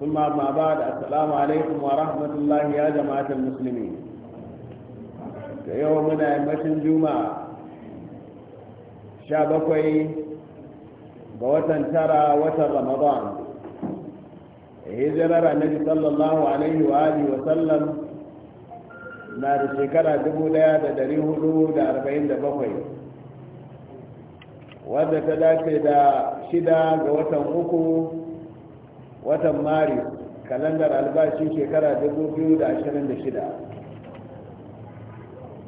ثم ما بعد السلام عليكم ورحمة الله يا جماعة المسلمين يومنا يمشن جمعة شابكوي بوتن ترى وتر رمضان هجرة النبي صلى الله عليه وآله وسلم نار شكرا دبولا دريه دود أربعين دبقوي wadda ta dace da shida ga watan uku watan Mari kalandar albashi shekara 2026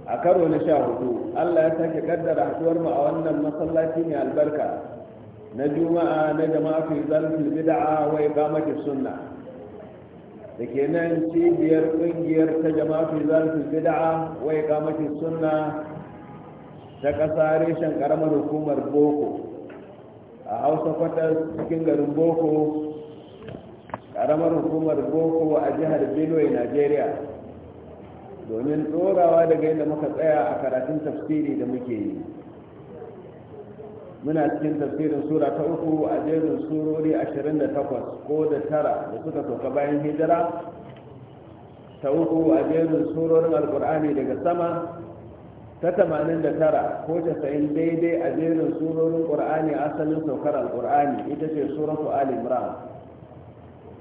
a karo na sha hudu allah ya sake kaddara haduwar mu a wannan masallaci mai albarka na juma'a na jama'a fi bid'a wa iqamati sunna da ke nan cibiyar kungiyar ta jama'a fi zalfil bid'a wa iqamati sunna ta ƙasa reshen ƙaramar hukumar boko a hausa kwatar cikin garin boko karamar hukumar boko a jihar benue nigeria domin tsorawa daga yadda muka tsaya a karatun tafsiri da muke yi muna cikin tafsirin sura ta uku a jerin surori 28 ko da tara da suka sauka bayan hijira ta uku a jerin surorin alkur'ani daga sama ta 89 ko 90 daidai a jerin surorin ƙur'ani asalin saukar alkur'ani ita ce suratu al-imran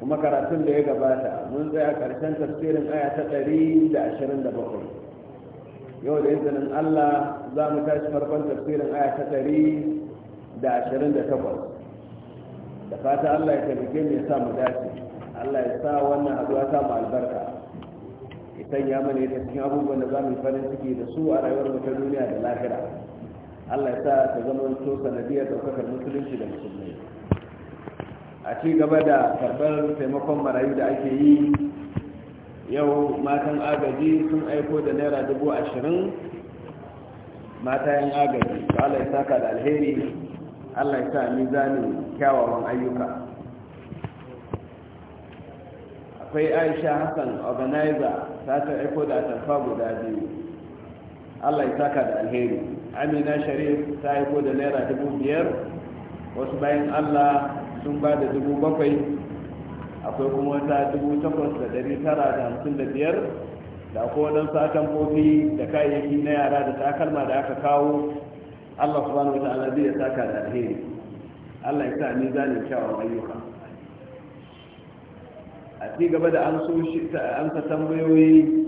kuma karatun da ya gabata mun tsaya karshen tafsirin aya ta 127 yau da izinin allah za mu tashi farkon tafsirin aya ta 128 da fata allah ya taimake mu ya sa mu dace allah ya sa wannan haduwa ta mu albarka ya sanya mana cikin abubuwan da za mu farin ciki da su a rayuwar mu ta duniya da lahira allah ya sa ta zama to sanadiyar daukakar musulunci da musulmai a ci gaba da karɓar taimakon marayu da ake yi yau matan agaji sun aiko da naira dubu ashirin mata yan agaji Ba allah ya saka da alheri allah ya sa mizanin kyawawan ayyuka akwai aisha hassan organizer ta ta aiko da atamfa guda biyu allah ya saka da alheri amina sharif ta aiko da naira dubu biyar wasu bayan allah sun ba da dubu bakwai akwai kuma wata dubu takwas da dari tara da hamsin da biyar da akwai wadansu satan kofi da kayayyaki na yara da takalma da aka kawo allah su wa wata zai ya saka da alheri allah ya sa ni zanin kyawun ayyuka a ci gaba da an sa tambayoyi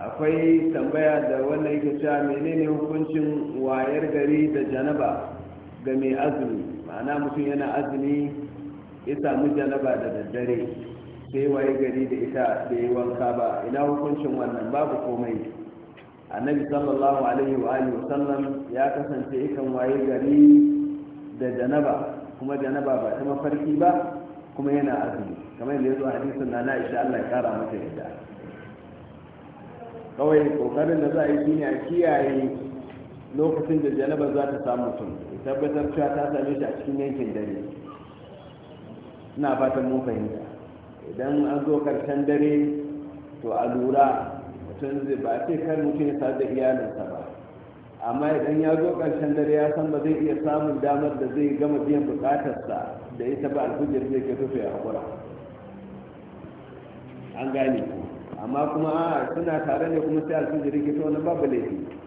akwai tambaya da wannan yake cewa menene hukuncin wayar gari da janaba ga mai azumi ma'ana mutum yana azumi ya samu janaba da daddare sai waye gari da ita da yi wanka ba ina hukuncin wannan babu komai annabi sallallahu alaihi wa alihi wa ya kasance ikan waye gari da janaba kuma janaba ba ta mafarki ba kuma yana azumi kamar yadda ya zo hadisin na na isha Allah ya kara masa yadda kawai kokarin da za a yi shine a kiyaye lokacin da janaba za ta samu mutum tabbatar cewa ta same shi a cikin yankin dare na fatan mun fahimta idan an zo karshen dare to a lura mutum zai ba ce kar mutum ya sadu da iyalinsa ba amma idan ya zo karshen dare ya san ba zai iya samun damar da zai gama biyan bukatarsa da ita ba alfijir zai ke tufe a kura an gane amma kuma a suna tare ne kuma sai alfijir ke to wani babu laifi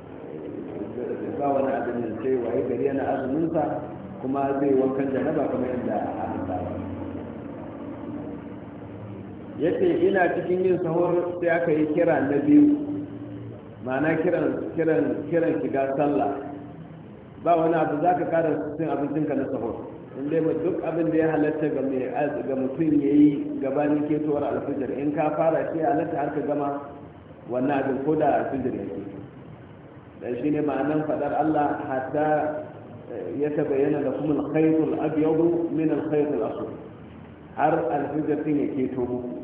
ba wani abin da sai waye gari yana azuminsa kuma zai wankan da ba kamar yadda aka ba. yace ina cikin yin sahur sai aka yi kira na biyu ma'ana kiran kiran kiran shiga sallah ba wani abu za ka kara cin abincinka na sahur in dai duk abin da ya halatta ga mai ga mutum ya yi gabanin ketowar alfijir in ka fara shi halatta har ka gama wannan abin ko da alfijir shi ne ma'anan faɗar Allah hatta eh, ya tabayyana da kuma alkhaitul abyadu min alkhaitul aswad har alfijir din ya keto muku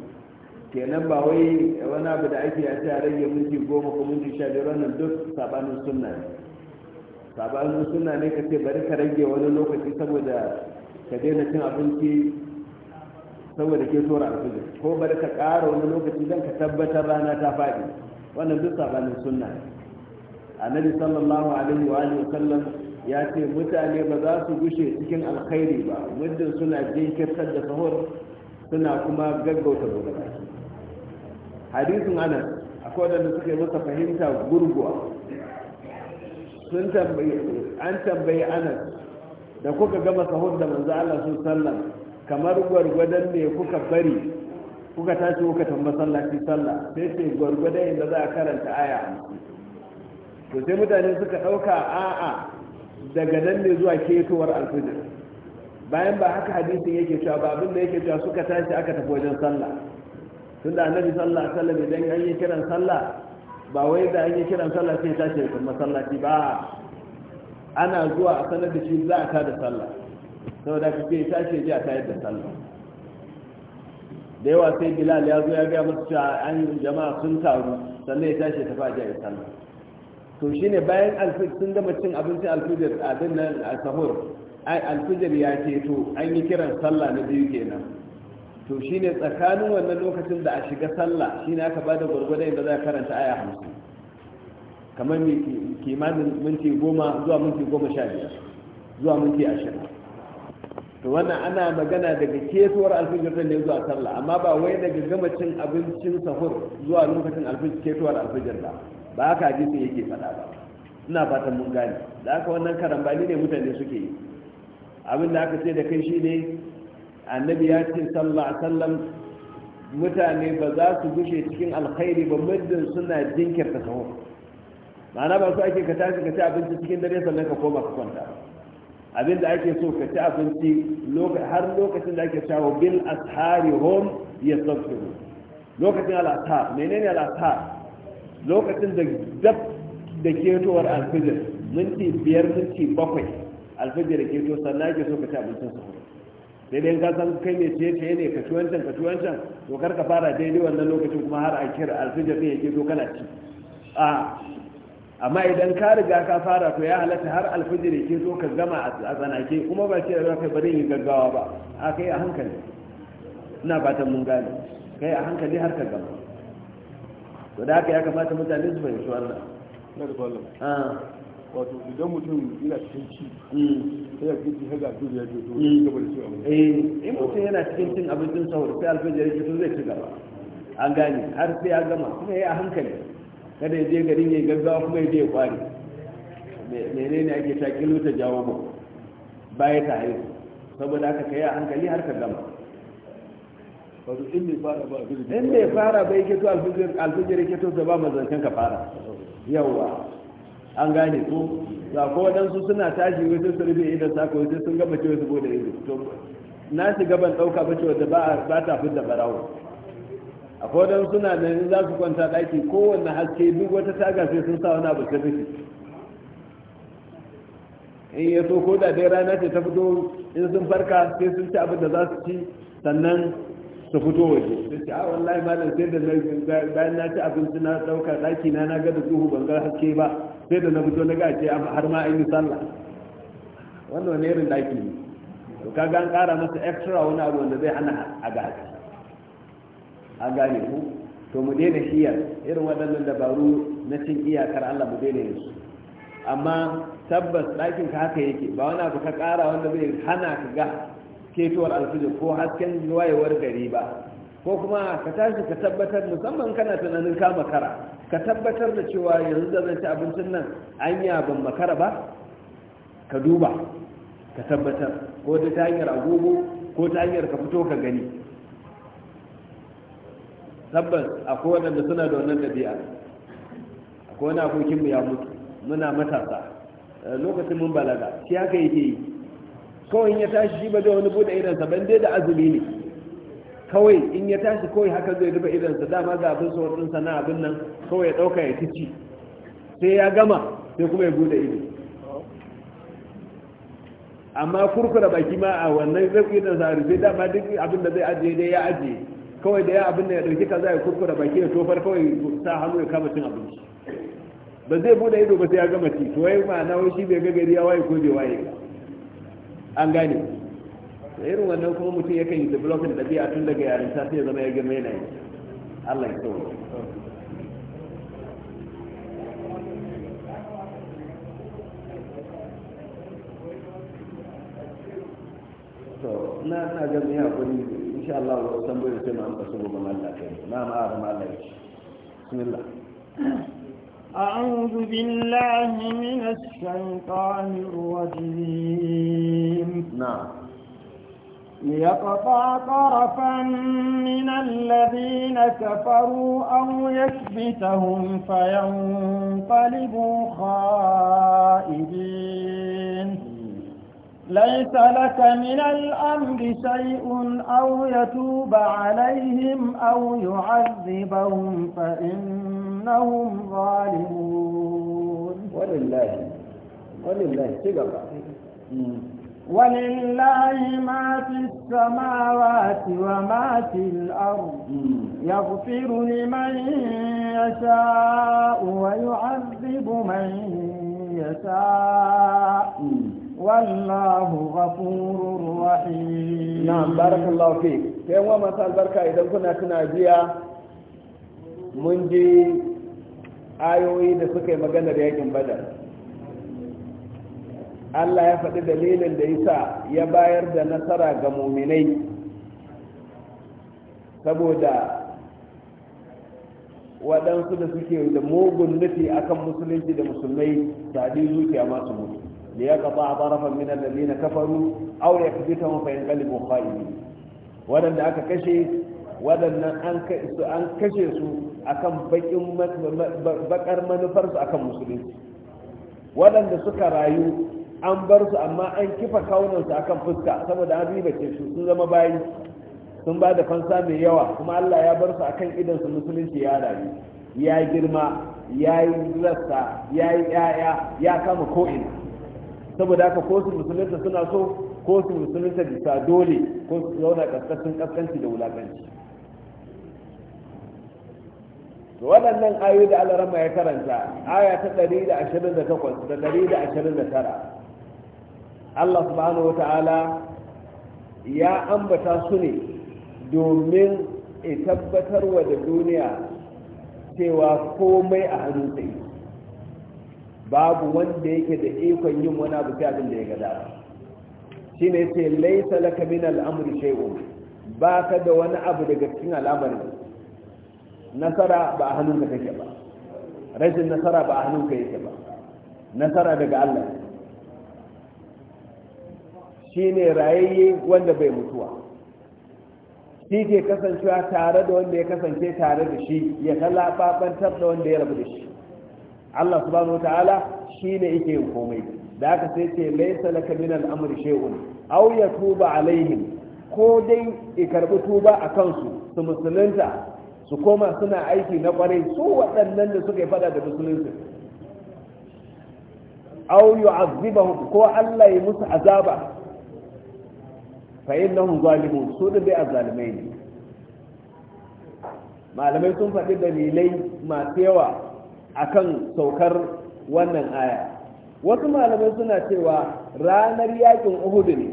kenan ba wai wani abu da ake ya ce a rage minti goma ko minti sha biyar wannan duk sabanin sunna ne sabanin sunna ne ka ce bari ka rage wani lokaci saboda ka daina cin abinci saboda ke tora alfijir ko bari ka ƙara wani lokaci don ka tabbatar rana ta faɗi wannan duk sabanin sunna ne annabi sallallahu alaihi wa alihi sallam ya ce mutane ba za su gushe cikin alkhairi ba muddin suna jinkirtar da sahur suna kuma gaggauta gobe baki hadisin anas akwai wadanda suka yi masa fahimta gurguwa sun tambayi an tambayi anas da kuka gama sahur da manzo Allah sun sallam kamar gwargwadon ne kuka bari kuka tashi kuka tamba sallah ki sallah sai ce gwargwadon inda za a karanta aya to sai mutane suka ɗauka a'a daga nan ne zuwa ketowar alfijir bayan ba haka hadisin yake cewa ba abin da yake cewa suka tashi aka tafi wajen sallah tun da annabi sallah sallah idan an yi kiran sallah ba wai da an yi kiran sallah sai tashi daga masallaci ba ana zuwa a sanar da shi za a ta da sallah saboda ka ce tashi ji a tayar da sallah da yawa sai bilal ya zo ya gaya masu cewa an jama'a sun taru sannan ya tashi tafi a sallah to shi ne bayan alfijir sun gama cin abinci alfijir a dinnan a sahur alfijir ya ceto, an yi kiran sallah na biyu kenan to shi ne tsakanin wannan lokacin da a shiga sallah shi ne aka bada gwargwada da za a karanta aya hamsin kamar kimanin minti goma zuwa minti goma sha biyar zuwa minti ashirin to wannan ana magana daga kesuwar alfijir ne zuwa sallah amma ba wai daga gama cin abincin sahur zuwa lokacin alfijir kesuwar alfijir ba ba ka haka hadisi yake faɗa ba ina fatan mun gane da haka wannan karambani ne mutane suke yi abin da aka ce da kai shine annabi ya ce sallallahu alaihi wasallam mutane ba za su gushe cikin alkhairi ba muddin suna jinkirta sahur ma'ana ba su ake ka tashi ka ci abinci cikin dare sannan ka koma ka kwanta abin da ake so ka ci abinci har lokacin da ake shawo bil ashari hum yastaghfiru lokacin al menene al lokacin da dab da ketowar alfijir minti biyar minti bakwai alfijir da keto sannan ake so ka ci abincin su sai dai ka san kai ne ce ce ne ka ci wancan ka ci wancan to kar ka fara daidai wannan lokacin kuma har a kira alfijir ne ya keto kana ci a amma idan ka riga ka fara to ya halatta har alfijir ya keto ka gama a tsanake kuma ba ce da kai bari yi gaggawa ba a kai a hankali ina fatan mun gane kai a hankali har ka gama to da haka ya kamata mutane su fahimci wannan na da kwallon ah. wato idan mutum yana cikin ci hmm. sai ya fi haga hmm. alfajir ya to ci gaba da cin abinci eh, in mutum yana cikin cin abincin sauri sai alfajir ya fito zai ci gaba an gane har sai ya gama kuma ya yi a hankali kada ya je garin ya yi gaggawa kuma ya je ya kware menene ake ta kilo ta jawo ba ya ta haihu saboda haka kai a hankali har ka gama wato in bai fara ba alfijir in bai fara ba yake to alfijir alfijir yake to ba mazancan ka fara yawa an gane ko za ko waɗansu suna tashi wai sun sarfe ina idan sa kawai sai sun gama cewa su bude ido to na shi gaban ɗauka ba cewa ba ba ta fi da barawo akwai waɗansu suna nan za su kwanta ɗaki kowanne haske duk wata taga sai sun sa wani abu ta rufe in ya so ko da dai rana ce ta fito in sun farka sai sun ci abin da za su ci sannan su fito waje da ce a ah, wallahi malam sai da bayan na ci abinci na ɗauka daki na na ga da duhu ban ga haske ba sai da na fito na gace har ma an yi sallah wannan ne irin daki ne to kaga an ƙara masa extra wani abu wanda zai hana a ga haske an gane ku to mu daina shiyar irin waɗannan dabaru na cin iyakar Allah mu daina yin su amma tabbas ɗakin ka haka yake ba wani abu ka ƙara wanda zai hana ka ga ketowar alfijir ko hasken wayewar gari ba ko kuma ka tashi ka tabbatar musamman kana tunanin ka makara ka tabbatar da cewa yanzu da zan ci abincin nan yi ban makara ba ka duba ka tabbatar ko ta hanyar agogo ko ta hanyar ka fito ka gani tabbas akwai waɗanda suna da wannan ɗabi'a akwai wani abokinmu ya mutu muna matasa lokacin mun balaga shi haka yake yi kawai in ya tashi shi ba zai wani bude idansa ban dai da azumi ne kawai in ya tashi kawai haka zai rufe idansa dama ga abin sauran sana abin nan kawai ya dauka ya tici sai ya gama sai kuma ya bude ido amma kurkura baki ma a wannan zai idansa a rufe dama duk abin da zai ajiye dai ya ajiye kawai da ya abin da ya dauki za ya kurkura baki ya tofar kawai sa hannu ya kama cin abinci ba zai bude ido ba sai ya gama ci to wai ma'ana wai shi bai ga gari ya waye ko bai waye ba an gane da irin wannan kuma mutum ya kan yi developing ɗabi'a tun daga sa sai ya zama ya girma yana yi allah ya kawo to na na ga mu hakuri insha Allah wa san bai sai mu amsa su gobe Allah na bismillah أعوذ بالله من الشيطان الرجيم نعم ليقطع طرفا من الذين كفروا أو يكبتهم فينقلبوا خائبين ليس لك من الأمر شيء أو يتوب عليهم أو يعذبهم فإنهم ظالمون ولله ولله تقرأ ولله ما في السماوات وما في الأرض يغفر لمن يشاء ويعذب من يشاء والله غفور رحيم نعم بارك الله فيك كان وما سال بركة إذا كنا كنا جيا من جي ayoyi da suka yi maganar yakin Allah ya faɗi dalilin da yasa ya bayar da nasara ga muminai saboda waɗansu da suke da mugun nufi akan musulunci da musulmai sadi zuciya masu mutu liyaqta tarafan min alladhina kafaru aw yakbitahum fa yanqalibu khaibin wadanda aka kashe wadannan an su an kashe su akan bakin bakar manufar su akan musulunci wadanda suka rayu an bar su amma an kifa kawunan su akan fuska saboda an ribace su sun zama bayi sun ba da fansa mai yawa kuma Allah ya bar su akan idan su musulunci ya rayu ya girma ya yi rassa, ya yi 'ya'ya ya kama ko'ina saboda haka ko su musulunta suna so ko su musulunta bisa dole ko su zauna kaskashin ƙasƙanci da wulakanci to waɗannan ayoyi da alarama ya karanta aya ta 128 da 129 Allah subhanahu wa ta'ala ya ambata su ne domin a wa da duniya cewa komai a hannun sai babu wanda yake da ikon yin wani abu sai abin da ya gada Shi ne ce laisa laka min al'amuri shehu ba ka da wani abu daga cikin al'amarin nasara ba a hannunka take ba rashin nasara ba a hannunka yake ba nasara daga Allah Shi ne rayayye wanda bai mutuwa shi ke kasancewa tare da wanda ya kasance tare da shi ya kalababantar da wanda ya rabu da shi Allah subhanahu wataala shine yake yin komai da haka sai ce laysa laka min al-amri shay'un aw yatuba alaihim ko dai i karbi tuba a kansu su musulunta su koma suna aiki na kwarai su waɗannan da suka yi fada da musulunci aw yu'azzibahum ko Allah ya musu azaba fa innahum zalimun su da bai azzalimai ne malamai sun faɗi dalilai masu yawa akan saukar wannan aya wasu malamai suna cewa ranar yakin uhudu ne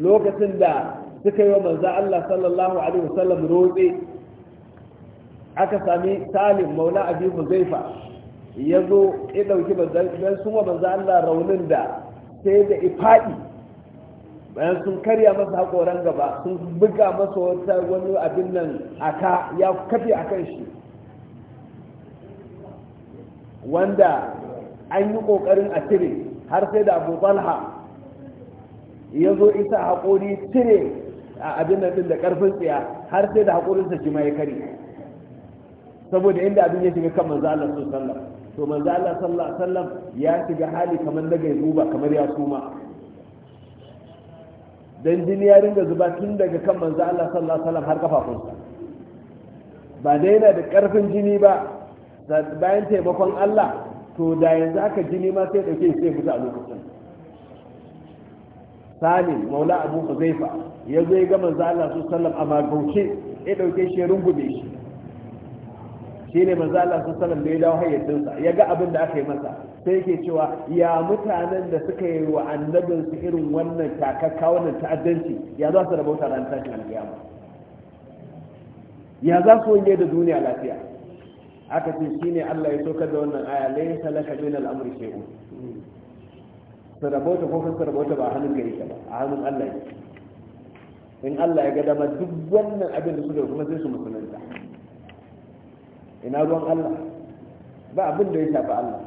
lokacin da suka yi wa manza Allah sallallahu alaihi wasallam rotse aka sami salim maula abi huzaifa ya zo ya ɗauki manzan sun wa manza Allah raunin da sai da ifaɗi bayan sun karya masa hakoran gaba sun buga masa wata wani abin nan aka ya kafe akan shi wanda an yi ƙoƙarin a cire har sai da abu balha ya zo isa haƙori cire a abin nan da ƙarfin tsiya har sai da haƙorinsa shi ma ya kare saboda inda abin ya shiga kan manzo Allah sallallahu alaihi to manzo Allah sallallahu alaihi wasallam ya shiga hali kamar daga gaibu zuba kamar ya suma dan jini ya ringa zuba tun daga kan manzo Allah sallallahu alaihi wasallam har kafafunsa ba dai yana da ƙarfin jini ba bayan taimakon Allah to da yanzu aka ji ma sai dauke sai fita a lokacin salim maula abu huzaifa ya zo ya ga manzo Allah su sallam a magauce ya dauke shi rungume shi ne manzo Allah su sallam da ya dawo hayyacinsa ya ga abin da aka yi masa sai yake cewa ya mutanen da suka yi wa annabin su irin wannan takakka wannan ta'addanci ya za su rabauta ran tashin alƙiyama ya za su wange da duniya lafiya aka ce ne Allah ya soka da wannan aya laysa salaka min al-amri shay'un sarabota ko kan sarabota ba hannun gari ka ba a hannun Allah ne in Allah ya ga dama duk wannan abin da suka kuma sai su musulunta ina ruwan Allah ba abin da ya shafi Allah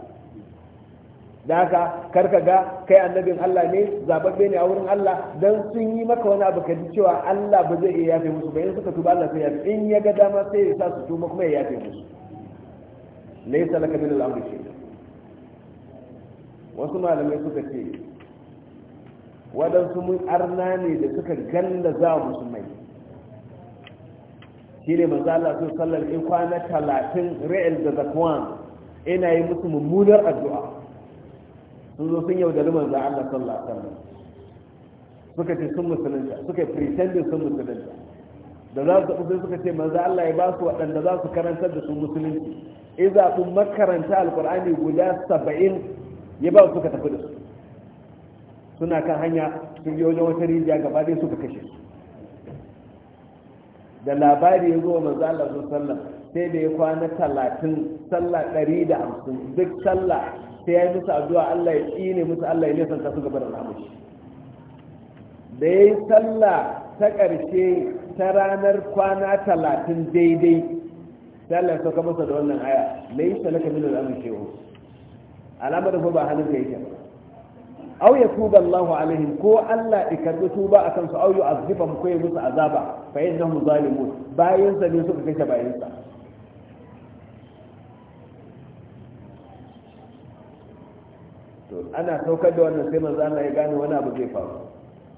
da haka karka ga kai annabin Allah ne zababbe ne a wurin Allah dan sun yi maka wani abu ka ji cewa Allah ba zai iya yafe musu ba in suka tuba Allah sai ya in ya ga dama sai ya sa su tuba kuma ya yafe musu laysa laka min al'amri shi wasu malamai suka ce waɗansu mun arna ne da suka galla za musulmai shi ne manzo Allah sun sallar in kwana talatin ra'il da zakwan ina yi musu mummunar addu'a sun zo sun yaudari manzo Allah sallallahu alaihi wasallam suka ce sun musulunta suka pretending sun musulunta da za su tafi suka ce manzo Allah ya ba su waɗanda za su karantar da su musulunci Iza kun makaranta alkur'ani guda saba'in ya ba suka tafi da su suna kan hanya sun yi wajen wata rijiya gaba ɗaya suka kashe su da labari ya zo manzo Allah sallah, sai da ya kwana talatin sallah ɗari da hamsin duk sallah sai ya yi musu addu'a Allah ya tsine musu Allah ya nesanta su gaba da ramushi da ya yi sallah ta ƙarshe ta ranar kwana talatin daidai sai Allah ya sauka masa da wannan aya yi laka min al-amri shay'un da ba hannun ka yake aw yatuba Allahu alaihim ko Allah ya karbi tuba kansu su yi yu'azzibahum ko ya musu azaba fa innahum zalimu bayan sa ne suka kashe bayan sa ana saukar da wannan sai manzo Allah ya gane wani abu zai faru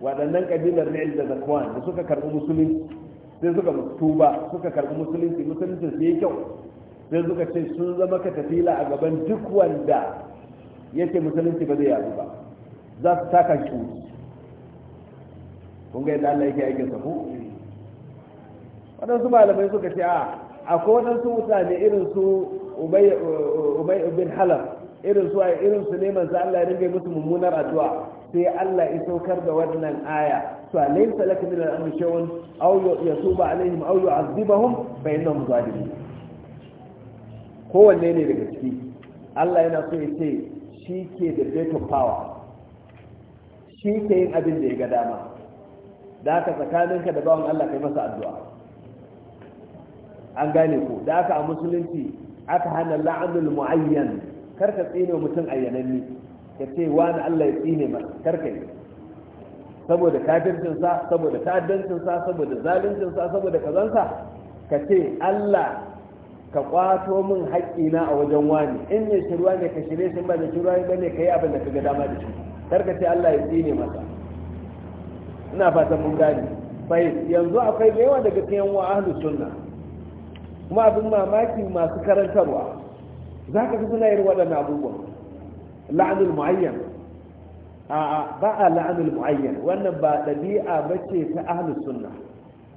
waɗannan kabilar ne da Zakwan da suka karbi musulunci sai suka tuba suka karbi musulunci musulunci su yi kyau sai suka ce sun zama katafila a gaban duk wanda yake musulunci ba zai yadu ba za su taka shi kun ga yadda Allah yake aikin sa ko waɗansu malamai suka ce a akwai waɗansu mutane irin su ubay bin halar irin su irin su neman sa Allah ya ringa musu mummunar addu'a sai Allah ya saukar da wannan aya to laysa lak min al-amri shay'un aw yatuba alaihim aw yu'adhibahum fa innahum zalimun kowanne ne daga ciki Allah yana so ya ce shi ke da veto power shi ke yin abin da ya ga dama da haka tsakaninka da bawan Allah kai masa addu'a an gane ko da haka a musulunci aka hana la'anul mu'ayyan kar ka tsine mutum ayyananni ka ce wani Allah ya tsine masa karka yi saboda kafircinsa saboda ta'addancinsa saboda zaluncinsa saboda kazansa ka ce Allah ka kwato min haƙƙina a wajen wani in ne shirwa ne ka shirye shi ba da shirwa ba ne ka yi abin da kaga ga dama da shi karka ce Allah ya tsine masa ina fatan mun gane bai yanzu akwai da yawa daga cikin wa ahlu sunna kuma abin mamaki masu karantarwa za ka ga suna yin waɗannan abubuwan la'anul muayyan a'a ba a la'anul muayyan wannan ba ɗabi'a ba ce ta ahlus sunna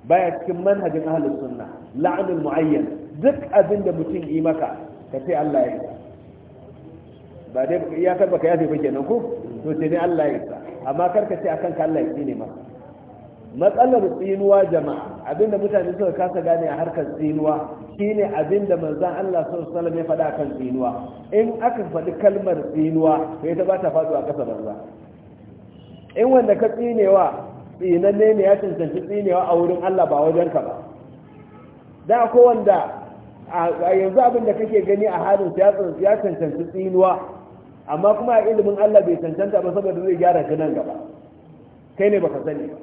baya cikin manhajin ahlus sunna la'anul muayyan duk abinda da mutum yi maka ka Allah ya ba dai ya karba ka yafe ba kenan ko to Allah ya isa amma karka ce akan ka Allah ne matsalar tsinuwa jama'a abinda mutane suka kasa gane a harkar tsinuwa shine abinda manzon Allah sallallahu alaihi ya faɗa kan tsinuwa in aka faɗi kalmar tsinuwa sai ta ba ta faɗo a ƙasa banza in wanda ka tsinewa tsinanne ne ya cancanci tsinewa a wurin Allah ba wajen ka ba da ko wanda a yanzu abin da kake gani a halin ya cancanci tsinuwa amma kuma a ilimin Allah bai cancanta ba saboda zai gyara shi nan gaba kai ne baka sani ba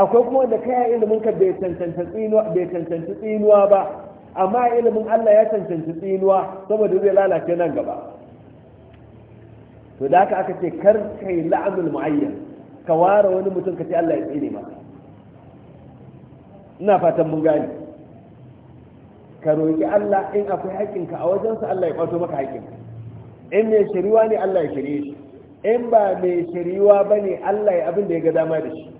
akwai kuma wanda kai ilimin ka bai tantance tsinuwa bai tantance tsinuwa ba amma ilimin Allah ya cancanci tsinuwa saboda zai lalace nan gaba to da haka aka ce kar kai la'amul mu'ayyan ka ware wani mutum ka ce Allah ya tsine maka ina fatan mun gane ka roki Allah in akwai haƙƙinka a wajensa Allah ya kwato maka haƙƙinka in mai shiriwa ne Allah ya shirye shi in ba mai shiriwa ba ne Allah ya abin da ya ga dama da shi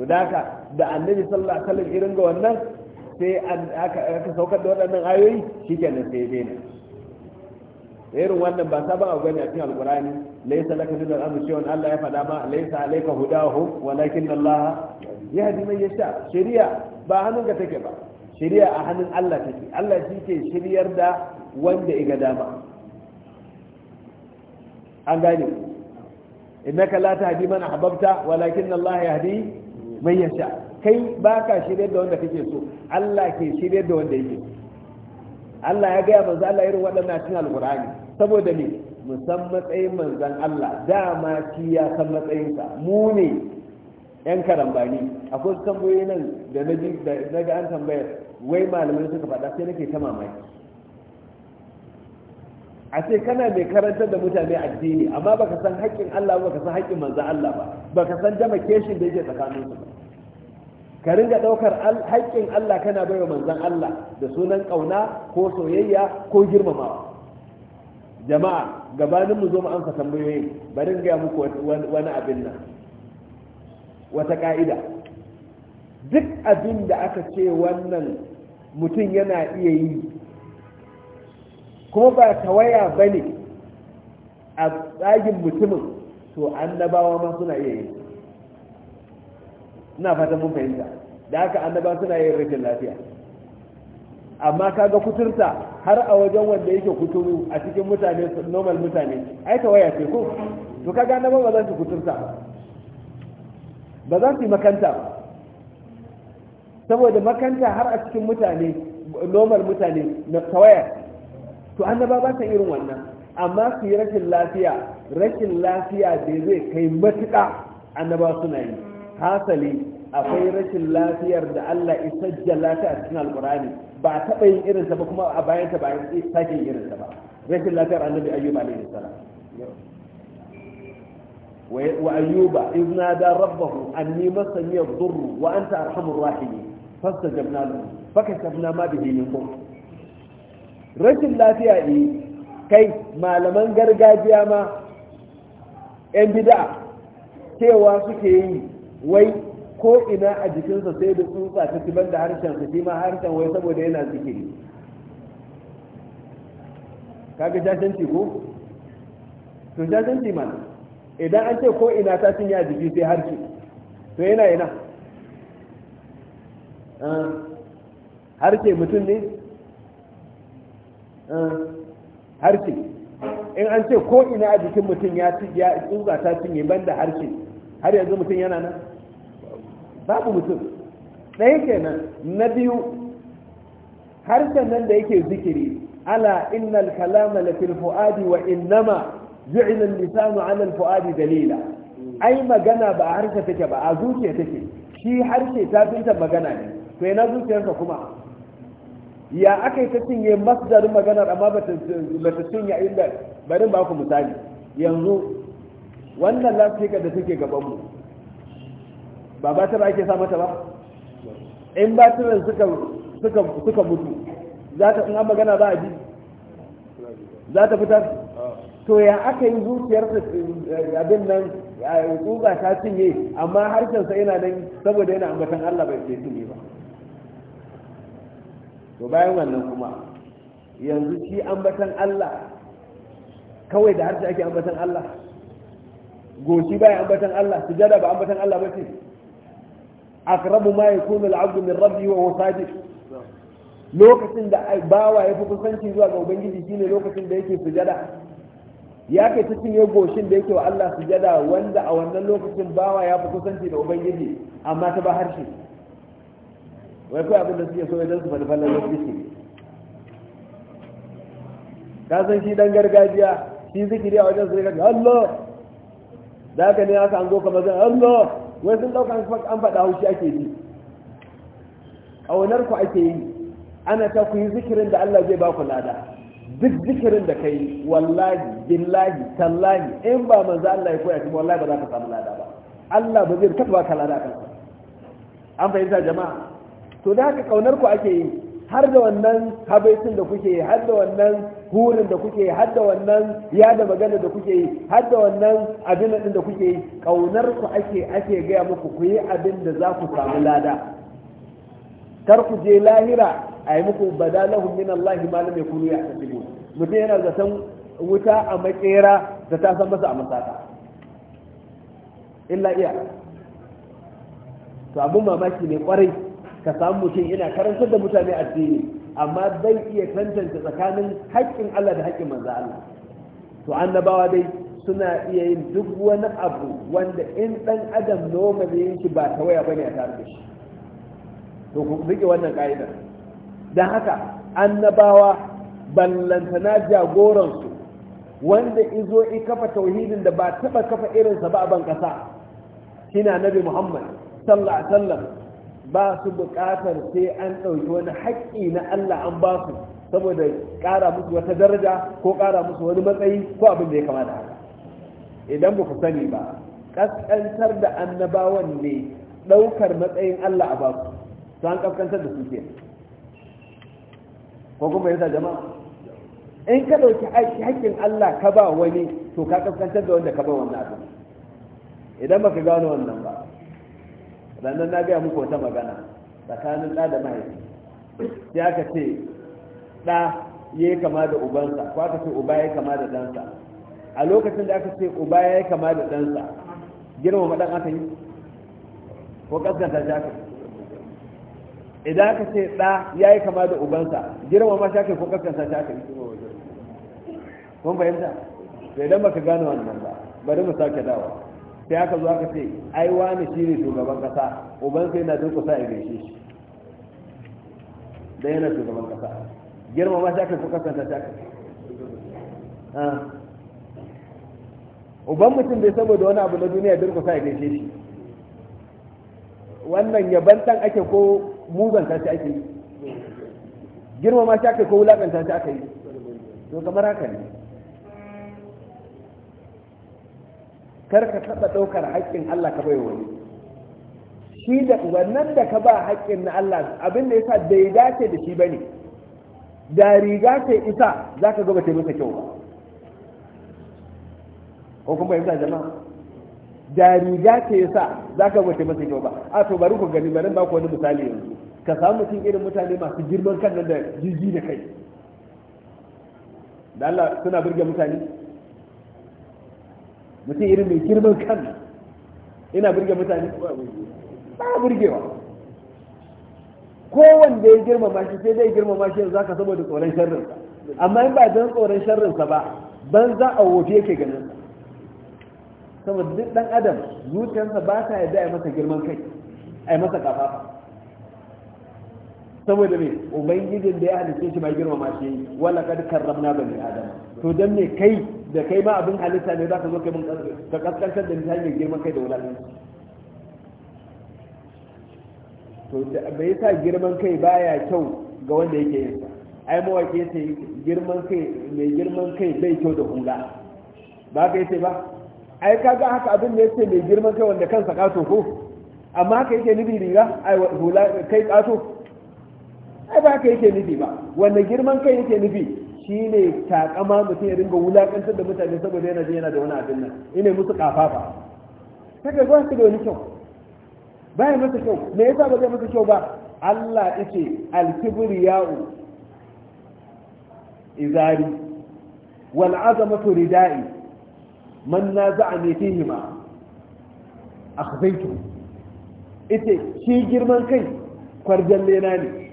to da haka da annabi sallallahu alaihi wasallam irin ga wannan sai aka saukar da waɗannan ayoyi shikenan sai daina irin wannan ba sabon abu bane a cikin alqur'ani laysa laka min al-amri shay'un Allah ya faɗa ma laysa alayka hudahu walakin Allah yahdi man yasha shari'a ba hannun ga take ba shari'a a hannun Allah take Allah shi ke shiryar da wanda iga dama an gane innaka la tahdi man ahbabta walakin Allah yahdi mai yasha kai baka shiryar da wanda kake so Allah ke shiryar da wanda yake Allah ya gaya manzo Allah irin waɗannan cikin al'kurani saboda ne mu san matsayin manzon Allah dama shi ya san matsayinsa mu ne yan karambani akwai tambayoyi nan da na ga an tambayar wai malamai suka faɗa sai nake ta mamaki a ce kana mai karantar da mutane addini amma baka san haƙƙin Allah ba ka san haƙƙin manzo Allah ba baka san dama keshin da yake tsakanin su ka ringa ɗaukar haƙƙin Allah kana baiwa manzon Allah da sunan ƙauna, ko soyayya ko girmamawa jama'a gabanin mu zo mu amsa tambayoyi bari ga muku wani abin nan wata ka'ida duk abin da aka ce wannan mutum yana iya yi kuma ba tawaya ba ne a tsagin mutumin to annabawa ma suna iya yi ina fatan mun fahimta da haka annabawa suna yin rashin lafiya amma kaga kuturta har a wajen wanda yake kuturu a cikin mutane normal mutane ai tawaya ce ko to kaga annabawa ba za su kuturta ba za su yi makanta ba saboda makanta har a cikin mutane normal mutane na tawaya to annaba ba ta irin wannan amma su yi rashin lafiya rashin lafiya da zai kai matuƙa annaba suna yi hasali akwai rashin lafiyar da Allah isa jallata ta a cikin alkurani ba taɓa yin irin ta ba kuma a bayan ta ba ya sake yin irin ta ba rashin lafiyar annabi ayyub alaihi salam wa ayyuba idh da rabbahu anni massani yadhurru wa anta arhamur rahimin fastajabna lahu fakashafna ma bihi min dhurr rashin lafiya ne kai malaman gargajiya ma 'yan bida cewa suke yi wai ko ina a jikinsa sai da tsutsa ta ciban da harshen su ma harshen wai saboda yana zikiri kaga shashanci ko to shashanci ma idan an ce ko ina ta cinye a jiki sai harshe to yana yana ah, harshe mutum ne harshe in an ce ko ina a jikin mutum ya ya tsuga ta cinye banda harshe har yanzu mutum yana nan babu mutum ɗaya kenan na biyu harshen nan da yake zikiri ala innal kalama la fil fuadi wa innama ju'ila al-lisanu ala al-fuadi dalila ai magana ba a harshe take ba a zuciya take shi harshe ta tunta magana ne to yana zuciyarsa kuma ya aka yi ta cinye masdarin maganar amma ba ta cinye inda bari ba ku misali yanzu wannan lafiyar da suke gabanmu ba ba ta ba ake sa mata ba in batiran suka suka suka mutu za ta in an magana za a ji za ta fitar to ya aka yi zuciyar abin nan ya tsutsa ta cinye amma sa yana nan saboda yana ambatan Allah bai ce cinye ba to bayan wannan kuma yanzu shi ambatan Allah kawai da harshe ake ambatan Allah goshi baya ambatan Allah su jada ba ambatan Allah ba ce akrabu ma yakunu al-'abdu min rabbi wa huwa sadiq lokacin da bawa ya fi kusanci zuwa ga ubangiji shine lokacin da yake sujada ya kai ta cinye goshin da yake wa Allah sujada wanda a wannan lokacin bawa ya fi kusanci da ubangiji amma ta ba harshe wai kai abin da suke so idan su faɗi falalar zikiri ka san shi dan gargajiya shi zikiri a wajen sai ka Allah da ka ne aka an zo kamar zan Allah wai sun dauka an faɗa haushi ake yi ƙaunar ku ake yi ana ta ku yi zikirin da Allah zai ba ku lada duk zikirin da kai wallahi billahi tallahi in ba manzo Allah ya koya ki wallahi ba za ka samu lada ba Allah ba zai ba ka lada kan an fahimta jama'a to da haka kaunar ku ake yi har da wannan habaitin da kuke yi har da wannan hurin da kuke yi har da wannan ya da magana da kuke yi har da wannan abin din da kuke yi kaunar ku ake ake gaya muku ku yi abin da za ku samu lada kar ku je lahira a yi muku badalahu min Allah ma lam yakunu yahtasibun mutum yana zaton wuta a makera da ta san masa a masaka illa iya to abun mamaki ne kwarai ka samu mutum yana karantar da mutane addini amma zai iya tantance tsakanin haƙƙin Allah da haƙƙin manzo Allah to annabawa dai suna iya yin duk wani abu wanda in dan adam noma da yin shi ba ta waya bane a tare da shi to ku rike wannan ka'ida dan haka annabawa ballantana jagoransu wanda izo i kafa tauhidin da ba taba kafa irinsa ba a ban kasa shine annabi Muhammad sallallahu alaihi wasallam ba su buƙatar sai an ɗauki wani haƙƙi na Allah an ba su saboda ƙara musu wata daraja ko ƙara musu wani matsayi ko abin da ya kama da haka idan ba ku sani ba ƙasƙantar da annabawan ne ɗaukar matsayin Allah a ba su to an ƙasƙantar da su ke ko kuma yasa jama'a in ka ɗauki haƙƙin Allah ka ba wani to ka ƙasƙantar da wanda ka ba wannan abin idan ba ka gano wannan ba sannan na gaya muku wata magana tsakanin ɗa da mahaifi ya aka ce ɗa ya yi kama da ubansa ko aka ce uba ya yi kama da ɗansa a lokacin da aka ce uba ya yi kama da ɗansa girma ɗan aka yi ko ƙasganta shi aka idan aka ce ɗa ya yi kama da ubansa ma shi yi ko ƙasganta shi aka yi kun fahimta ba idan baka gane wannan ba bari mu sake dawa sai aka zo aka ce ai wani shi ne shugaban kasa uban sai na durkusa ya gaishe shi dan yana shugaban kasa girmama sai aka fi kasanta sai aka uban mutum bai saboda wani abu na duniya durkusa ya gaishe shi wannan yaban dan ake ko muzanta ce ake yi girmama sai aka ko wulakanta shi aka yi to kamar haka ne kar ka taɓa ɗaukar haƙƙin Allah ka bai wani shi da wannan da ka ba haƙƙin na Allah abin da yasa bai dace da shi bane da riga ce isa za ka ga ta masa kyau ba ko kuma yanzu jama'a da riga ce yasa za ka ta masa kyau ba a to bari ku gani bari ba ku wani misali yanzu ka samu mutum irin mutane masu girman kan nan da jiji da kai da Allah suna burge mutane mutum irin mai girman kan ina burge mutane ba burgewa wanda ya girmama shi sai zai girmama shi yanzu zaka saboda tsoron sharrinsa amma in ba don tsoron sharrinsa ba ban za a wofi yake ganin saboda duk dan adam zuciyarsa ba ta yadda a masa girman kai a masa kafafa saboda me ubangijin da ya halice shi ba girmama shi wala kad karramna bani adam to dan me kai da kai ma abin halitta ne za ka zo kai mun ka kaskantar da misali girman kai da wulaƙanci to Me yasa girman kai baya kyau ga wanda yake yin sa ai mawaki yace girman kai mai girman kai bai kyau da hula ba ka yace ba ai kaga haka abin da yace mai girman kai wanda kansa kato ko amma haka yake nufi riga ai hula kai kato ai ba haka yake nubi ba wanda girman kai yake nubi Shi ne takama mutum ya dinga wulakantar da mutane saboda yana jin yana da wani abin nan ina musu kafafa kaga ba su da wani kyau baya masa kyau me yasa ba zai masa kyau ba Allah yace al-kibriya'u izari wal azamatu rida'i man naza'ani fihima akhzaitu ita shi girman kai kwarjan lena ne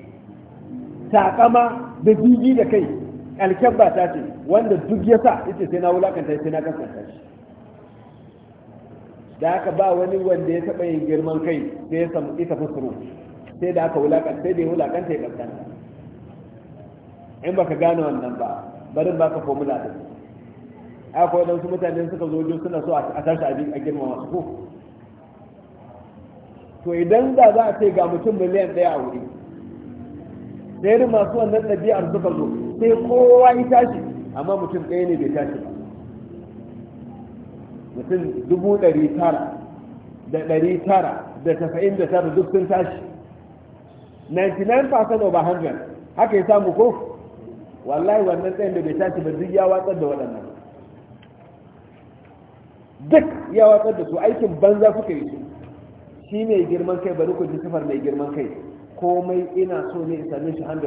takama da jiji da kai alkyabba ta ce wanda duk ya sa ita sai na wulakanta sai na kaskanta shi da haka ba wani wanda ya taɓa yin girman kai sai ya samu ita fusuru sai da aka wulakanta sai da ya wulakanta ya kaskanta in baka gane wannan ba barin baka formula din akwai su mutane suka zo jin suna so a tashi abin a girma wasu ko to idan da za a ce ga mutum miliyan ɗaya a wuri sai irin masu wannan ɗabi'ar suka zo sai kowa ya tashi amma mutum ɗaya ne bai tashi ba mutum dubu ɗari tara da ɗari tara da tafa'in da tara duk sun tashi 99% over 100 haka ya samu ko wallahi wannan ɗayan da bai tashi ba duk ya watsar da waɗannan duk ya watsar da su aikin banza suka yi su shi mai girman kai bari ku ji sifar mai girman kai komai ina so ne in same shi 100%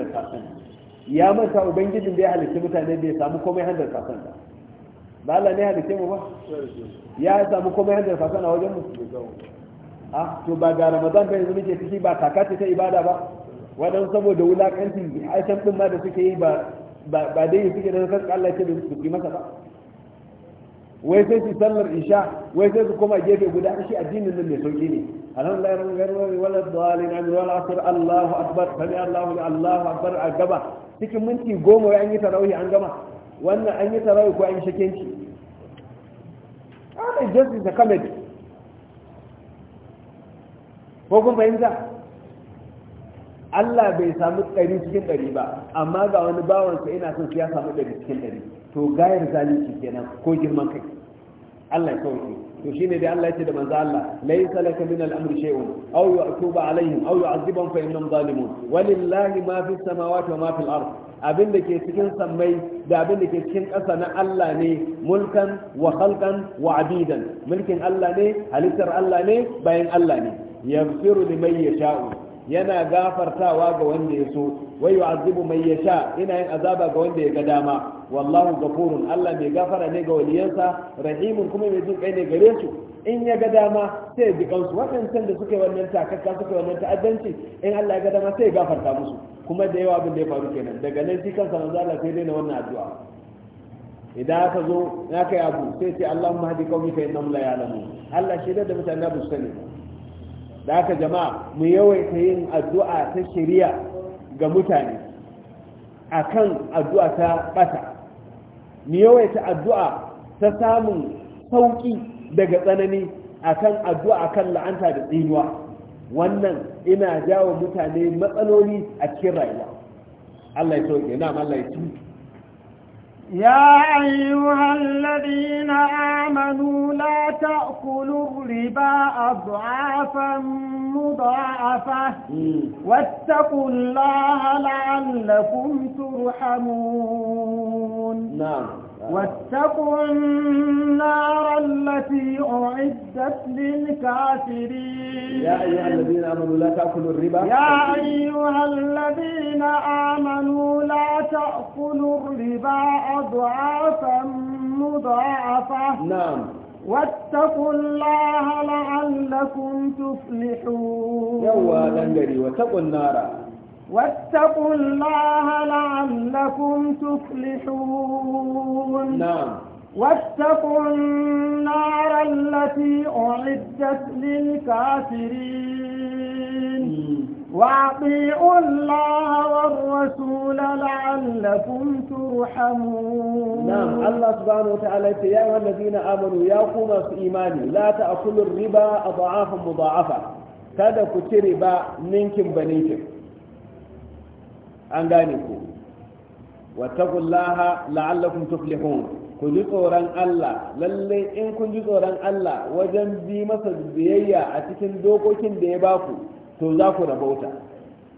ya manta ubangijin da ya halitta mutane bai samu komai handar kasan da ba Allah ne halitta mu ba ya samu komai handar kasan a wajen mu ah to ba ga ramadan ba yanzu muke ciki ba kakati ta ibada ba wadan saboda wulakancin aisan din ma da suke yi ba ba dai suke da san Allah ce da su yi masa ba wai sai su sallar isha wai sai su koma gefe guda shi addinin nan mai sauki ne alhamdulillah ran garwa wala dalin an wala asr Allahu akbar sami Allahu Allahu akbar a gaba cikin minti goma an yi tarawih an gama wannan an yi tarawih ko an yi shakenci ana jesu da a comedy ko kun fahimta Allah bai samu ɗari cikin ɗari ba amma ga wani bawansa ina son su ya samu ɗari cikin ɗari to gayar zalunci kenan ko girman kai Allah ya kawo to shine da Allah yake da manzo Allah laysa laka min al-amri shay'un aw yu'tuba alaihim aw yu'adhibahum fa innahum zalimun walillahi ma fi samawati wa ma fi al-ard abin da ke cikin sammai da abin da ke cikin ƙasa na Allah ne mulkan wa khalqan wa abidan mulkin Allah ne halittar Allah ne bayan Allah ne yaghfiru liman yasha'u yana gafartawa ga wanda ya so wai yu'azibu man yasha ina yin azaba ga wanda ya ga dama wallahu gafurun Allah mai gafara ne ga waliyansa rahimun kuma mai jin kai ne gare su in ya ga dama sai ya bi kansu waɗancan da suke wannan takakka suke wannan ta'addanci in Allah ya ga dama sai ya gafarta musu kuma da yawa abin da ya faru kenan daga nan shi kansa manzo Allah sai daina wannan addu'a idan aka zo ya kai abu sai ce Allahumma hadi qaumi fa innahum la ya'lamun Allah shi da mutane ba su sani da haka jama'a mu yawaita yin addu'a ta shari'a ga mutane akan addu'a ta ɓata, mu yawaita addu'a ta samun sauƙi daga tsanani akan addu'a kan la'anta da tsinuwa wannan ina jawo mutane matsaloli a cikin rayuwa Allah ya sauke na Allah ya ci يا أيها الذين آمنوا لا تأكلوا الربا أضعافا مضاعفة واتقوا الله لعلكم ترحمون نعم واتقوا النار التي أعدت للكافرين يا أيها الذين آمنوا لا تأكلوا الربا يا أيها الذين آمنوا لا تأكلوا الربا أضعافا مضاعفة نعم واتقوا الله لعلكم تفلحون يا دنجري واتقوا النار واتقوا الله لعلكم تفلحون نعم واتقوا النار التي أعدت للكافرين وأطيعوا الله والرسول لعلكم ترحمون نعم الله سبحانه وتعالى يا أيها الذين آمنوا يا قوم في إيماني لا تأكلوا الربا أضعافا مضاعفة كذا ku ربا منكم ninkin an gane ku wattaqullaha la'allakum tuflihun ku ji tsoron Allah lalle in kun ji tsoron Allah wajen bi masa biyayya a cikin dokokin da ya baku to za ku rabauta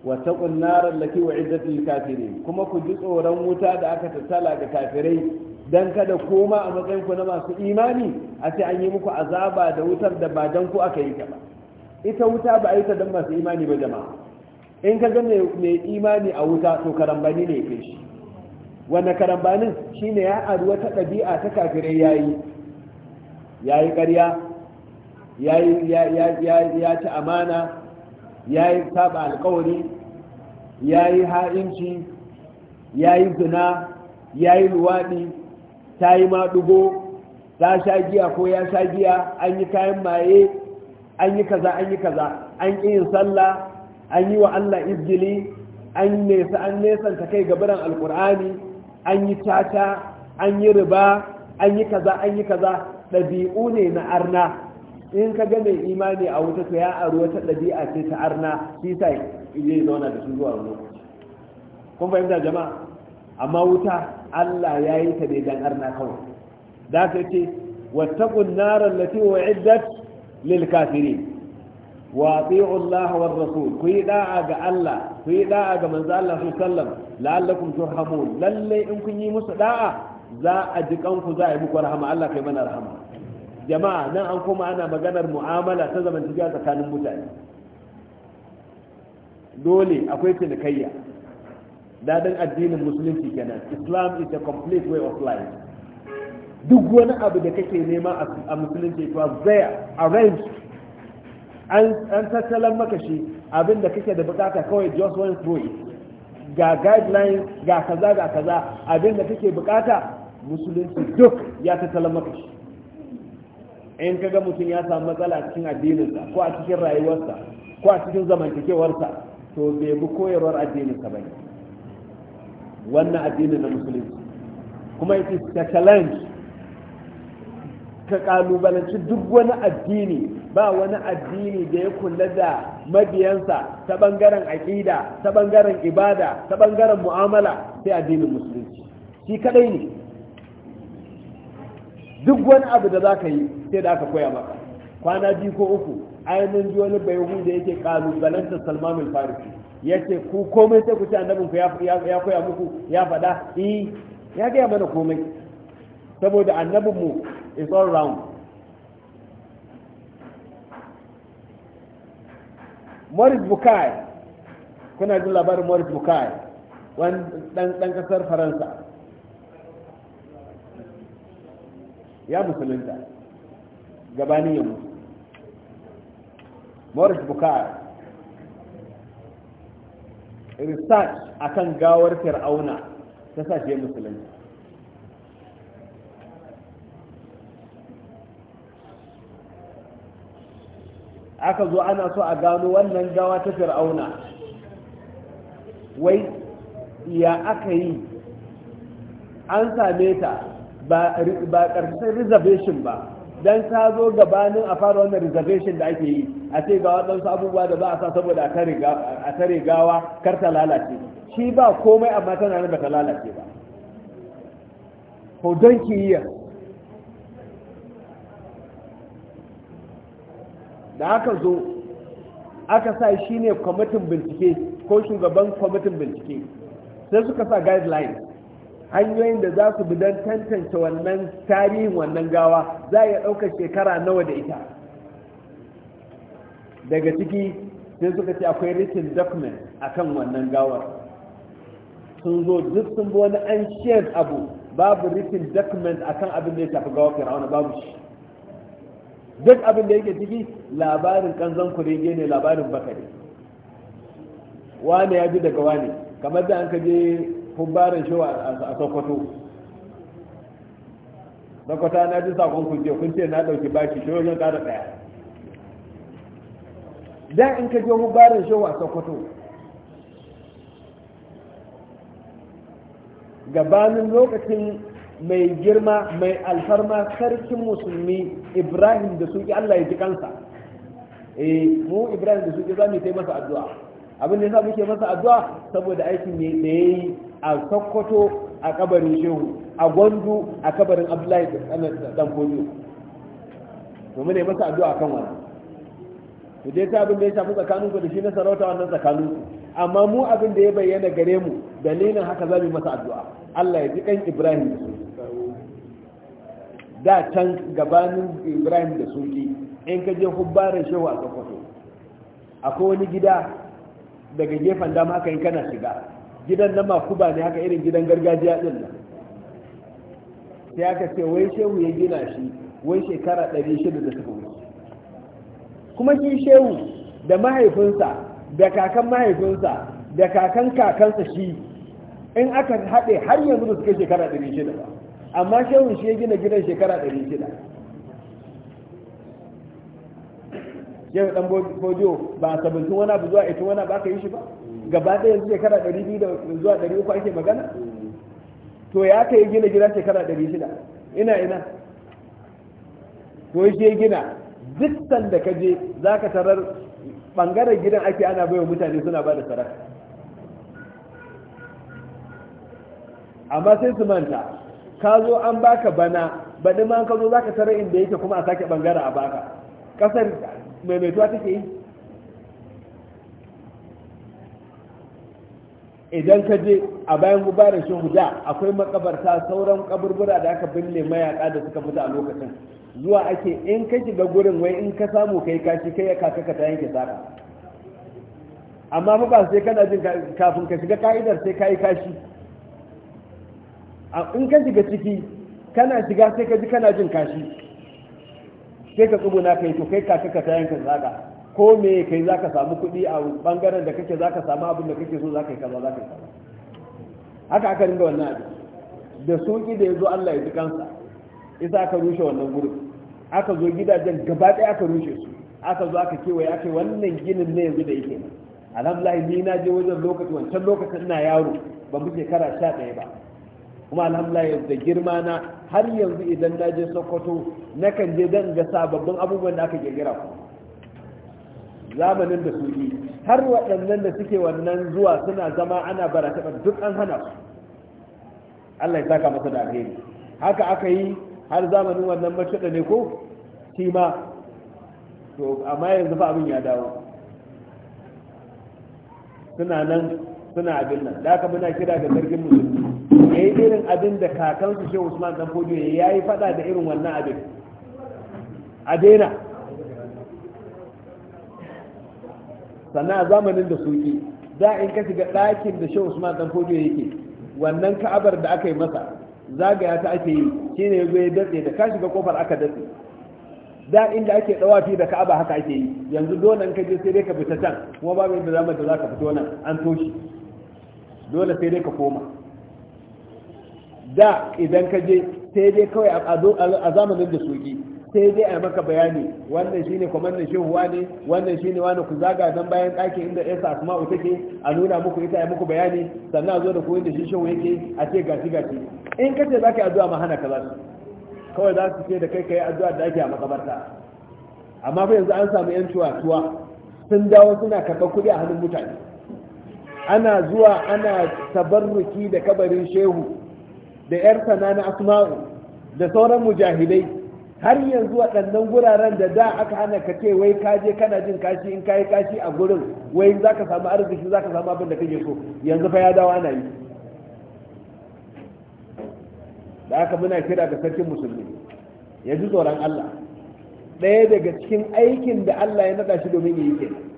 wattaqun nar allati wa'idat lil kafirin kuma ku ji tsoron wuta da aka tattala ga kafirai dan kada koma a matsayin ku na masu imani a ce an yi muku azaba da wutar da ba dan ku aka yi ta ba ita wuta ba a yi ta dan masu imani ba jama'a in ka ga mai imani a wuta to karambani ne kai shi wanda karambanin shi ne ya aru wata ɗabi'a ta ya yi. Ya yi ƙarya ya ci amana ya yi saba alƙawari yi ha'inci ya yi zina ya yi luwaɗi ta yi maɗugo ta sha giya ko ya sha giya an yi kayan maye an yi kaza an yi kaza an ƙi yin sallah an yi wa Allah izgili an nesa an nesanta kai gabaran alkur'ani an yi tata an yi riba an yi kaza an yi kaza ɗabi'u ne na arna in ka ga mai imani a wuta to ya aru wata ɗabi'a ce ta arna shi sa zauna da shi zuwa wani kun fahimta jama'a amma wuta Allah ya yi ta ne dan arna kawai da ka ce wattaqun naral lati wa'iddat lil kafirin wa ati'u Allah war rasul ku yi da'a ga Allah ku yi da'a ga manzo Allah sallallahu alaihi wasallam la'allakum turhamun in kun yi musu da'a za a ji kanku za a yi muku rahama Allah kai mana rahama jama'a nan an kuma ana maganar mu'amala ta zamantakewa tsakanin mutane dole akwai cinikayya dadin addinin musulunci kenan islam is complete way of life duk wani abu da kake nema a musulunci it was there arranged an tattalin maka abinda kake da bukata kawai just one through it ga guideline ga kaza ga kaza abinda kake bukata musulunci duk ya tattalin maka shi in kaga mutum ya samu matsala a cikin addininsa ko a cikin rayuwarsa ko a cikin zamantakewarsa to bai bi koyarwar addininsa ba ne wannan addinin na musulunci kuma it is challenge ka kalubalanci duk wani addini ba wani addini da ya kula da mabiyansa ta bangaren aƙida ta bangaren ibada ta bangaren mu'amala sai addinin musulunci shi kaɗai ne duk wani abu da za ka yi sai da aka koya maka kwana biyu ko uku ai ji wani bayahu da yake kalubalantar salmanin farisi ya ce ku komai sai ku ci annabin ku ya koya muku ya faɗa eh ya gaya mana komai saboda annabinmu is all round Maurice Bukai kuna jin labarin Maurice Bukai wani dan kasar Faransa ya musulunta gabanin ya mutu Morris Bukai research akan gawar Fir'auna ta sashe musulunta. aka zo ana so a gano wannan gawa ta fir'auna wai ya aka yi an same ta ba ƙarshen reservation ba don ta zo gabanin a fara wannan reservation da ake yi a ce ga waɗansu abubuwa da za a sa saboda a tare gawa kar ta lalace shi ba komai amma tana nan ba ta lalace ba ko don da aka zo aka sa shi ne kwamitin bincike ko shugaban kwamitin bincike sai suka sa guidelines hanyoyin da za su bi don tantance wannan tarihin wannan gawa za a iya ɗaukar shekara nawa da ita daga ciki sai suka ce akwai written document kan wannan gawar sun zo duk sun bi wani an abu babu written document kan abin da ya shafi gawa fir'auna babu shi duk abin da yake ciki labarin kanzon kurege ne labarin bakare wane ya bi daga wane kamar da an ka je kubbarin shi a sokoto sokoto na ji sakon kun je kun ce na dauki baki shi wajen kara daya da in ka je kubbarin shi a sokoto gabanin lokacin mai girma mai alfarma sarkin musulmi ibrahim da suki allah ya ji kansa eh mu ibrahim da suki za mu yi masa addu'a abin da yasa muke masa addu'a saboda aikin da ya yi a sokoto a kabarin shehu a gwandu a kabarin abdullahi dan kojo mu ya masa addu'a kan wannan to dai ta abin da ya shafi ku da shi na sarauta wannan ku amma mu abin da ya bayyana gare mu dalilin haka za mu masa addu'a Allah ya ji kan Ibrahim da su da can gabanin ibrahim da suki in ka je hubbaran shehu a sokoto akwai wani gida daga gefen dama haka in kana shiga gidan na makuba ne haka irin gidan gargajiya din nan sai aka ce wai shehu ya gina shi wai shekara 600 da suka wuce kuma shi shehu da mahaifinsa da kakan mahaifinsa da kakan kakansa shi in aka haɗe har yanzu da suka shekara 600 ba amma shehun shi ya gina gidan shekara ɗari shida shehu dan bojo ba a sabbin wani abu zuwa ita wani ba ka yi shi ba gaba ɗaya yanzu shekara ɗari biyu da zuwa ɗari uku ake magana to ya ka yi gina gida shekara ɗari shida ina ina to shi ya gina duk sanda ka je za ka tarar ɓangaren gidan ake ana baiwa mutane suna ba da saraka amma sai su manta ka zo an baka bana baɗi ma ka zo za ka tara inda yake kuma a sake ɓangare a baka ƙasar maimaituwa take yi idan ka je a bayan gubarar shi guda, akwai makabarta sauran kaburbura da aka binne mayaka da suka fita a lokacin zuwa ake in ka shiga gurin wai in ka samu kai kashi kai ya kaka ka ta yanke saka amma fa ba sai kana jin kafin ka shiga ka'idar sai ka yi kashi in ka shiga ciki kana shiga sai ka ji kana jin kashi sai ka tsubuna kai to kai kashi ka ta yanka zaka ko me kai zaka samu kuɗi a bangaren da kake zaka samu abin da kake so zaka yi kaza zaka yi kaza haka aka ringa wannan abin da soki da yazo Allah ya ji kansa isa aka rushe wannan gurin aka zo gidajen gaba ɗaya aka rushe su aka zo aka kewaye aka wannan ginin ne yanzu da yake alhamdulillah ni na je wajen lokacin, wancan lokacin ina yaro ban bi shekara sha ɗaya ba kuma alhamdulillah da girma na har yanzu idan na je sokoto na kan je dan ga sababbin abubuwan da aka girgira ku zamanin da su yi har waɗannan da suke wannan zuwa suna zama ana bara duk an hana su Allah ya saka masa da alheri haka aka yi har zamanin wannan mashaɗa ne ko shi ma to amma yanzu fa abin ya dawo suna nan suna abin nan da aka muna kira da sarkin musulmi ya yi irin abin da kakansu shehu usman dan fojo ya yi fada da irin wannan abin a daina sannan a zamanin da suke za in ka shiga ɗakin da shehu usman dan fojo yake wannan ka'abar da aka yi masa zagaya ta ake yi shi ya zo ya datse da ka shiga kofar aka datse da inda ake dawafi da ka'aba haka ake yi yanzu dole in ka je sai dai ka fita can kuma babu inda zamani da za ka fito nan an toshi dole sai dai ka koma da idan ka je sai dai kawai a zamanin da suki sai dai a maka bayani wannan shine shi shehuwa ne wannan shine wani ku zaga dan bayan ɗakin inda yasa asma'u take a nuna muku ita ya muku bayani sannan a zo da ku inda shi shehu yake a ce gashi gashi in ka ce za ka yi addu'a ma hana ka za kawai za su ce da kai ka yi addu'a da ake a makabarta amma fa yanzu an samu yan tuwa sun dawo suna karɓar kuɗi a hannun mutane ana zuwa ana tabarruki da kabarin shehu da yarsa na asma'u da sauran mujahidai har yanzu waɗannan guraren da da aka hana ka ce wai ka je kana jin kashi in ka yi kashi a gurin wai za ka samu arziki za ka samu abin da kake so yanzu fa ya dawo ana yi da aka muna kira ga sarkin musulmi ya ji tsoron Allah ɗaya daga cikin aikin da Allah ya naɗa shi domin ya yi kenan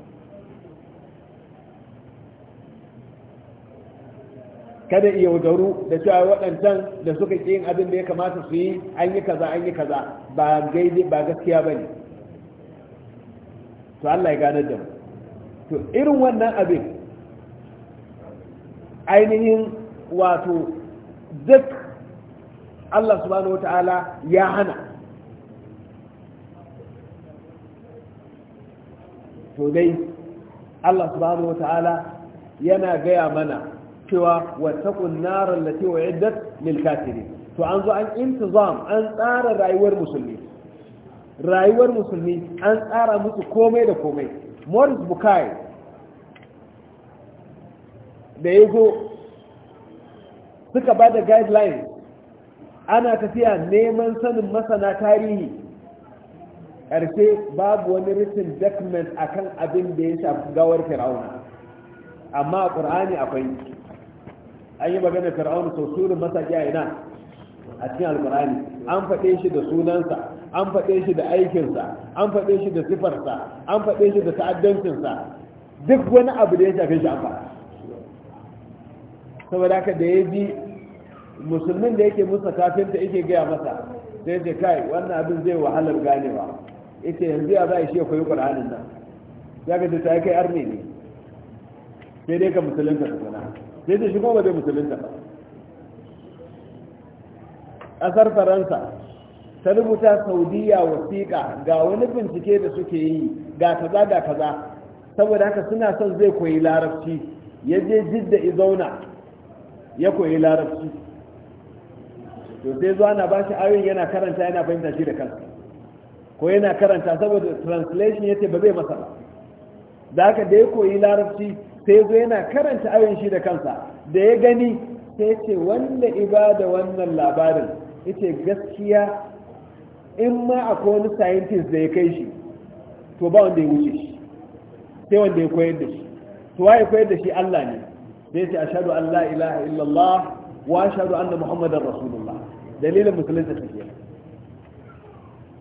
kada iya wadaru da cewa waɗancan da suka ƙi yin abin da ya kamata su yi an yi kaza an yi kaza ba gaidi ba gaskiya ba ne to Allah ya gane da mu to irin wannan abin ainihin wato duk Allah subhanahu ta'ala ya hana to dai Allah subhanahu ta'ala yana gaya mana cewa wata nar allati u'iddat lil kafirin to an zo an intizam an tsara rayuwar musulmi rayuwar musulmi an tsara musu komai da komai Morris Bukai da ya zo suka ba da guidelines ana tafiya neman sanin masana tarihi ƙarshe babu wani written document akan abin da ya shafi gawar fir'auna amma a ƙur'ani akwai an yi magana fir'aunu sau sunan masaki a ina a cikin alkurani an faɗe shi da sunansa an faɗe shi da aikinsa an faɗe shi da sifarsa an faɗe shi da ta'addancinsa duk wani abu da ya shafe shi an saboda haka da ya ji musulmin da yake musa kafinta yake gaya masa sai ce kai wannan abin zai wahalar ganewa yace yanzu ya za a shi ya koyi ƙur'anin nan ya ga ta kai arne ne sai dai ka musulunta tukuna sai da shi kuma bai musulunta ba ƙasar faransa ta rubuta saudiya wasiƙa ga wani bincike da suke yi ga kaza ga kaza saboda haka suna son zai koyi larabci ya je jidda izauna ya koyi larabci to sai zuwa na ba shi ayoyin yana karanta yana fahimta shi da kansa ko yana karanta saboda translation yace ba zai masa ba da haka da ya koyi larabci sai zo yana karanta ayon shi da kansa da ya gani sai ce wanda ibada wannan labarin ita gaskiya in ma akwai wani scientist da ya kai shi to ba wanda ya wuce shi sai wanda ya koyar da shi to ya koyar da shi Allah ne sai ce ashhadu an la ilaha illallah wa ashhadu anna muhammadar rasulullah dalilin musulunci take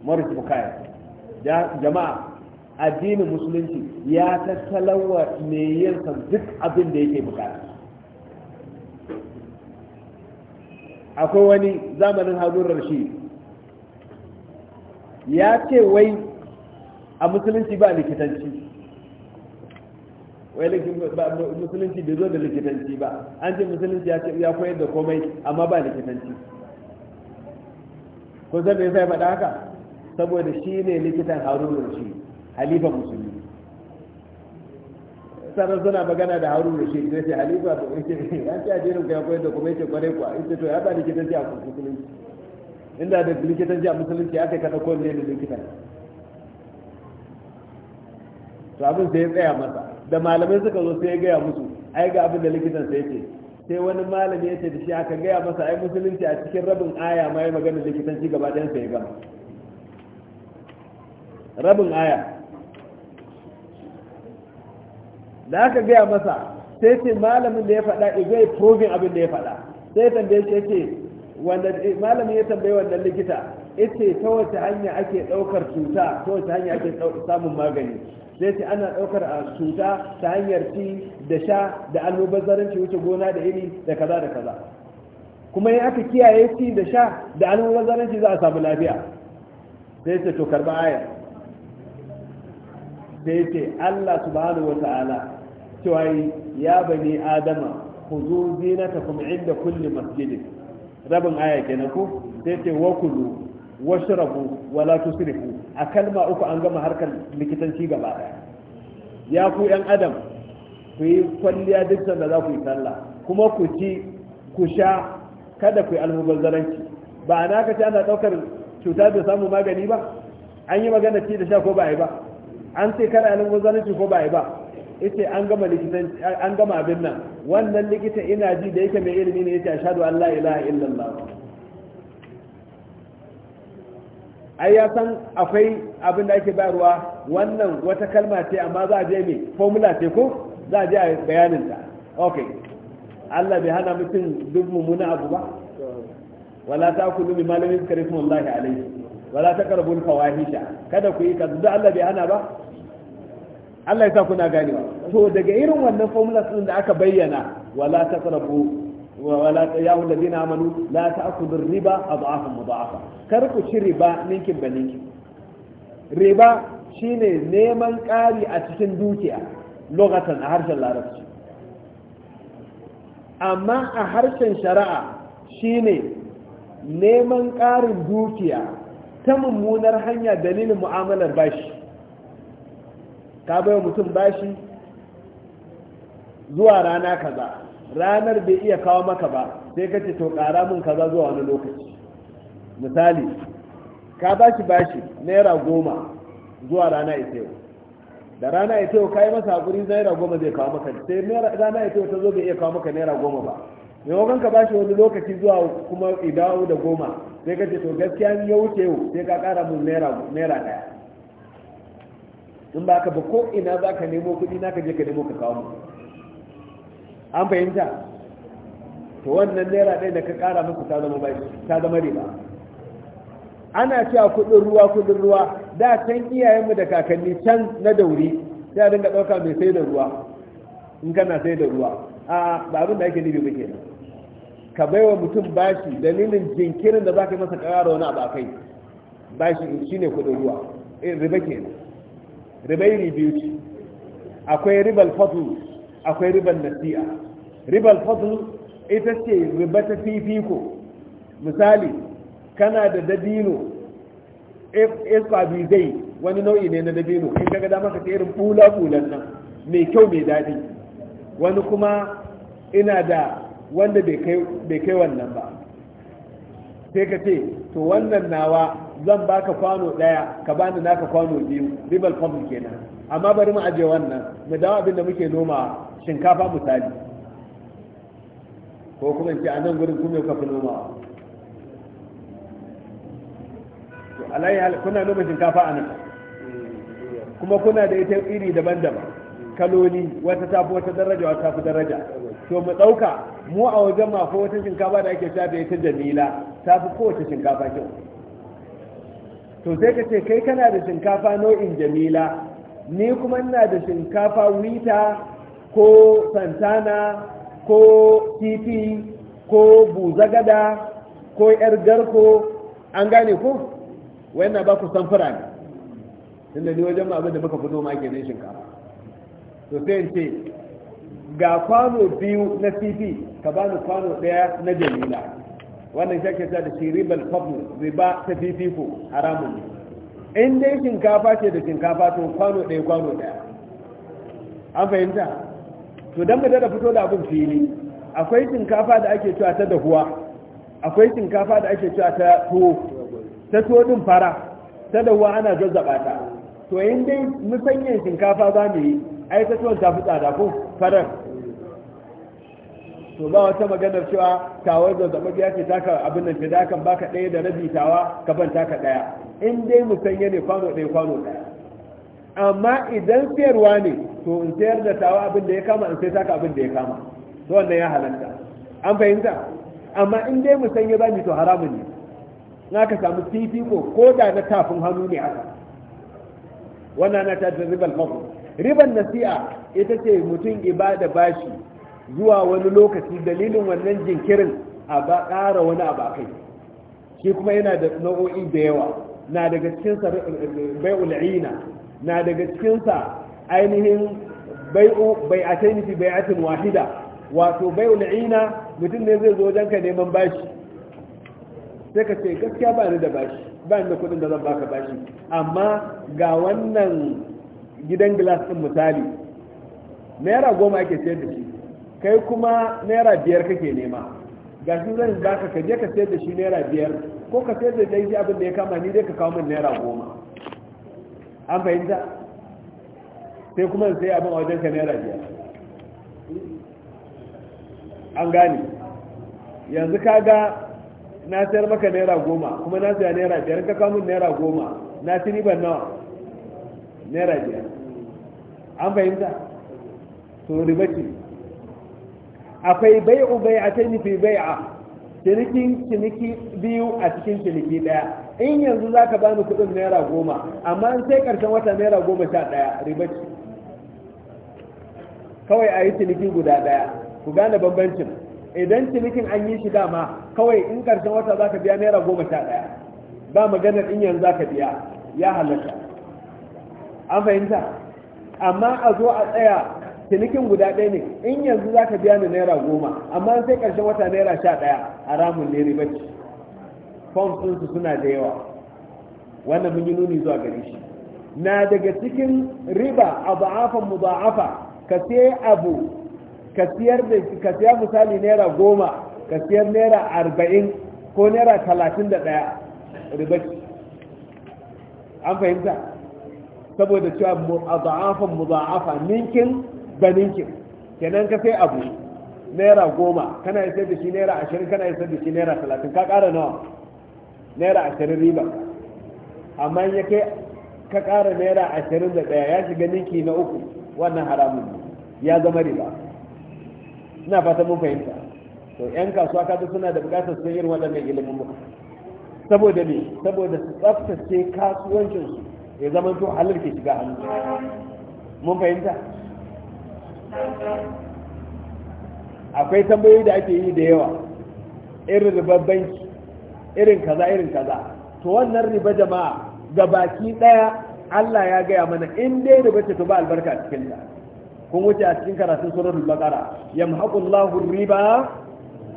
Morris Bukai jama'a addinin musulunci ya tattalawa ne yansa duk abin da yake bukata akwai wani zamanin harun rashi ya ce wai a musulunci ba likitanci wai musulunci bai zo da likitanci ba an ce musulunci ya koyar da komai amma ba likitanci ko zai bai faɗa haka saboda shi ne likitan harurar rashi halifa musulmi sannan suna magana da haru da shi sai ce halifa da yake ya ce addinin kai akwai da kuma yake kwarai kwa ita to ya ba likitanci a musulunci inda da likitanci a musulunci ya kai kada ko ne da likitan to abin sai ya tsaya masa da malamai suka zo sai ya gaya musu ai ga abin da likitan sai ce sai wani malami ya ce da shi aka gaya masa ai musulunci a cikin rabin aya ma ya magana likitanci gaba ɗayan sai ya gama rabin aya da aka gaya masa sai ce malamin da ya faɗa eh, izo ya probin abin da ya faɗa sai tambaye shi yake eh, malamin ya tambaye wannan likita ita ta wace hanya ake ɗaukar cuta ta wace hanya ake samun magani sai ce ana ɗaukar a ah, cuta ta hanyar ci da sha da ci wuce gona da iri da kaza da kaza kuma in aka kiyaye ci da sha da ci za a samu lafiya sai ce to karba ayar da yace Allah subhanahu wata'ala cewa ya bani adama khuzu kuma inda kulli masjidin rabin aya kenan ko sai ce wa kulu washrabu wala tusrifu a kalma uku an gama harkar likitanci gaba daya ya ku yan adam ku yi kwalliya duk sanda za ku yi sallah kuma ku ci ku sha kada ku yi almubazzaranci ba na ka ana daukar cuta da samu magani ba an yi magana ci da sha ko ba a yi ba an ce kana nan muzanci ko ba ba yace an gama likitan an gama abin nan wannan likita ina ji da yake mai ilimi ne yace ashhadu an la ilaha illallah ai ya san akwai abin da ake bayarwa wannan wata kalma ce amma za a je mai formula ce ko za a je a bayanin ta okay Allah bai hana mutum duk mummuna abu ba wala ta kullu bi malamin karismullahi alaihi wala ta karbun fawahisha kada ku yi kaza Allah bai hana ba Allah ya sa kuna ganewa to daga irin wannan formula din da aka bayyana wala taqrabu wala ya alladhina amanu la ta'khudhu riba adhafan mudha'afa kar ku ci riba ninkin ba ninkin riba shine neman ƙari a cikin dukiya lokacin a harshen larabci amma a harshen shari'a shine neman ƙarin dukiya ta mummunar hanya dalilin mu'amalar bashi ka bai mutum bashi zuwa rana kaza ranar bai iya kawo maka ba sai ka ce to ƙara min kaza zuwa wani lokaci misali ka bashi bashi naira goma zuwa rana ita yau da rana ita yau ka yi masa haƙuri naira goma zai kawo maka sai rana ita yau ta zo bai iya kawo maka naira goma ba maimakon ka bashi wani lokaci zuwa kuma idawo da goma sai ka ce to gaskiya ya wuce yau sai ka ƙara min naira ɗaya in ba ka ba ko ina za ka nemo kudi na ka je ka nemo ka kawo mu an fahimta to wannan naira ɗaya da ka ƙara musu ta zama bai ta zama riba ana cewa kuɗin ruwa kuɗin ruwa da can iyayenmu da kakanni can na dauri sai a dinga ɗauka mai sai da ruwa in kana sai da ruwa a ba abin da ake nufi ba kenan ka bai wa mutum bashi dalilin jinkirin da za ka yi masa ƙara wani abu a kai bashi shine kuɗin ruwa eh, riba kenan ribairi biyu ce akwai ribal fadl akwai ribal nasi'a ribal fadl ita ce riba ta fifiko misali kana da dabino ikwabi zai wani nau'i ne na dabino in kaga ka maka irin bula bulan nan mai kyau mai daɗi wani kuma ina da wanda bai kai wannan ba sai ka ce to wannan nawa zan baka kwano daya ka bani naka kwano biyu ribal fadl kenan amma bari mu aje wannan mu dawo abin da muke noma shinkafa misali ko kuma ce a nan gurin kuma ka fi noma to alayhi kuna noma shinkafa a nan kuma kuna da ita iri daban-daban kaloli wata tafi wata daraja wata tafi daraja to mu ɗauka mu a wajen ma ko wata shinkafa da ake shafe ta jamila tafi kowace shinkafa kyau to sai ka ce kai kana da shinkafa nau'in jamila ni kuma ina da shinkafa wita ko santana ko titi ko buzagada ko yar garko an gane ku na ba ku san fura ne tunda ni wajen mu abinda muka fito ma kenan shinkafa to sai in ce ga kwano biyu na titi ka bani kwano ɗaya na jamila wannan shake ta da shi ribal fadl riba ta fifiko haramun ne in dai shinkafa ce da shinkafa to kwano ɗaya kwano ɗaya an fahimta to dan da fito da abin fili akwai shinkafa da ake cewa ta dahuwa akwai shinkafa da ake cewa ta tuwo ta tuwo din fara ta dahuwa ana zazzaba ta to in dai musanyen shinkafa za mu yi ai ta tuwon ta fi tsada ko farar to ba wata maganar cewa tawar zama ya ce taka abin nan da kan baka ɗaya da rabi tawa ka ban taka ɗaya in dai musan ne kwano ɗaya kwano ɗaya amma idan sayarwa ne to in sayar da tawa abin da ya kama in sai taka abin da ya kama to wannan ya halatta an fahimta amma in dai musan ya bani to haramun ne na ka samu fifiko ko da na tafin hannu ne haka wannan na ta ribar mafi ribar nasi'a ita ce mutum ibada bashi zuwa wani lokaci dalilin wannan jinkirin a ba ƙara wani abakai shi kuma yana da nau'o'i da yawa na daga cikinsa eh, eh, eh, bai ul'ina na daga cikinsa ainihin bai'u bai fi bai'atin wahida wato bai ul'ina mutum ne zai zo wajen ka neman bashi sai ka ce gaskiya ba ni da bashi ba ni da kuɗin da zan baka bashi amma ga wannan gidan gilas ɗin misali naira goma ake sayar da shi kai kuma naira biyar kake nema ga shi zan za ka je ka sayar da shi naira biyar ko ka sayar da dai abin da ya kama ni dai ka kawo min naira goma an fahimta sai kuma sai abin a wajen ka naira biyar an gane yanzu ka ga na sayar maka naira goma kuma na saya naira biyar ka kawo min naira goma na ci riban nawa naira biyar an fahimta to riba ce akwai bai'u bai'atayn fi bai'a cinikin ciniki biyu a cikin ciniki daya in yanzu za ka bani kudin naira goma amma in sai karshen wata naira goma sha daya riba ce kawai a yi ciniki guda daya ku gane bambancin idan cinikin an yi shi dama kawai in karshen wata za ka biya naira goma sha daya ba maganar in yanzu za ka biya ya halatta an fahimta amma a zo a tsaya cinikin guda ɗaya ne in yanzu za ka biya ni naira goma amma sai ƙarshen wata naira sha ɗaya haramun ne riba ce forms ɗinsu suna da yawa wannan mun yi nuni zuwa gare shi na daga cikin riba mu ba'afa ka siya abu ka siyar da ka siya misali naira goma ka siyar naira arba'in ko naira talatin da ɗaya riba an fahimta saboda cewa mu ba'afa ninkin baninkin kenan ka sai abu naira goma kana yi sai da shi naira ashirin kana yi sai da shi naira talatin ka ƙara nawa naira ashirin riba amma ya kai ka ƙara naira ashirin da ɗaya ya shiga ninki na uku wannan haramun ya zama riba ina fata mun fahimta to yan kasuwa kaga suna da buƙatar sun irin waɗannan ilimin muka saboda me saboda su tsaftace kasuwancinsu ya zama to halar ke shiga hannu mun fahimta akwai tambayoyi da ake yi da yawa irin ribar banki irin kaza irin kaza to wannan riba jama'a ga baki daya Allah ya gaya mana in dai riba ce to ba albarka a cikin ta kun wuce a cikin karatun suratul baqara yamhaqullahu riba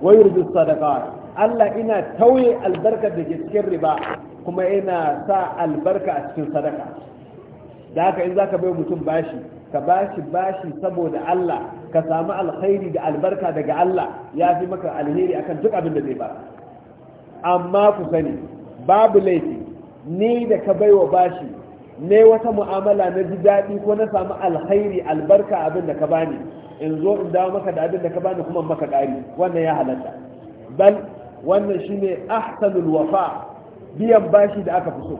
wa yurdu sadaqat Allah ina tauye albarka da ke cikin riba kuma ina sa albarka a cikin sadaka da haka in zaka bai mutum bashi ka bashi bashi saboda Allah ka samu alkhairi da albarka daga Allah ya fi maka alheri akan duk abin da zai ba amma ku sani babu laifi ni da ka baiwa bashi ne wata mu'amala na ji daɗi ko na samu alkhairi albarka abin da ka bani in zo in dawo maka da abin da ka bani kuma maka ƙari wannan ya halatta bal wannan shine ahsanul wafa biyan bashi da aka fi so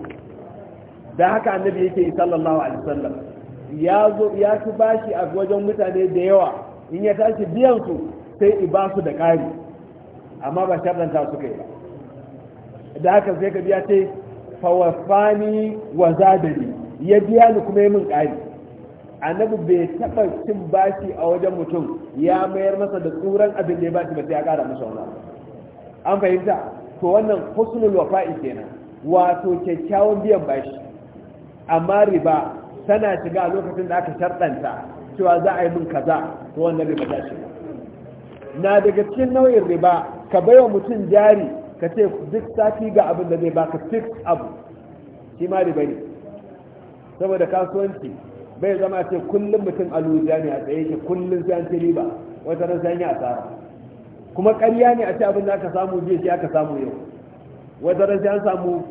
da haka annabi yake yi sallallahu alaihi wasallam ya zo ya ci bashi a wajen mutane da yawa in ya tashi biyan su sai i ba su da ƙari amma ba sharranta su kai ba da haka sai ka biya ce fawafani wa zadari ya biya ni kuma yi min ƙari annabi bai taɓa cin bashi a wajen mutum ya mayar masa da tsoron abin da ya bashi ba sai ya ƙara masa wani an fahimta to wannan husnul wafa'i kenan wato kyakkyawan biyan bashi amma riba tana shiga a lokacin da aka sharɗanta cewa za a yi min kaza to wanda riba ta shiga na daga cikin nau'in riba ka bai wa mutum jari ka ce duk sati ga abin da zai baka fix abu shi ma riba ne saboda kasuwanci bai zama ce kullum mutum lujiya ne a tsaye shi kullum sai an ce riba wata nan sai an yi asara kuma ƙarya ne a ce abin da aka samu jiya shi aka samu yau wata nan sai an samu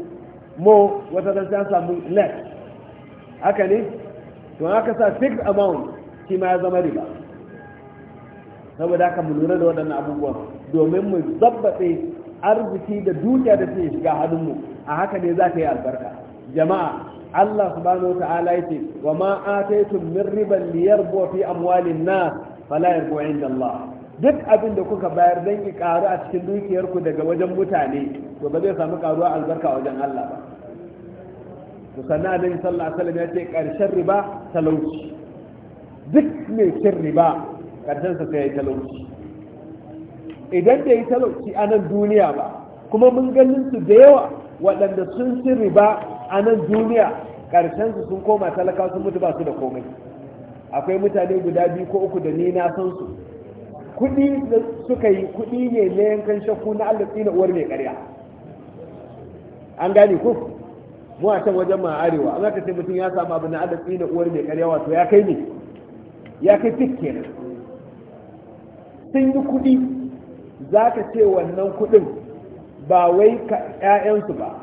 mo wata nan sai an samu less haka ne to aka sa fixed amount shi ma ya zama riba saboda haka mu lura da waɗannan abubuwa domin mu zabbaɗe arziki da dukiya da take shiga mu a haka ne za ka yi albarka jama'a Allah subhanahu wa ta'ala yace wa ma ataytum min riban liyarbu fi amwalin nas fala yarbu inda Allah duk abin da kuka bayar dan ki karu a cikin dukiyarku daga wajen mutane to ba zai samu karuwa albarka wajen Allah ba to sannan annabi sallallahu alaihi wasallam ya ce karshen riba talauci duk mai cin riba karshen sa sai talauci idan da yi talauci a nan duniya ba kuma mun ganin su da yawa waɗanda sun ci riba a nan duniya karshen su sun koma talaka sun mutu ba su da komai akwai mutane guda biyu ko uku da ni na san su kuɗi da suka yi kuɗi ne na yankan shakku na allah tsina uwar mai ƙarya an gane ku mu a can wajen ma arewa an aka ce mutum ya samu abin da adatsi na uwar mai karya wato ya kai ne ya kai fit kenan sun yi kuɗi za ka ce wannan kuɗin ba wai ka ƴaƴansu ba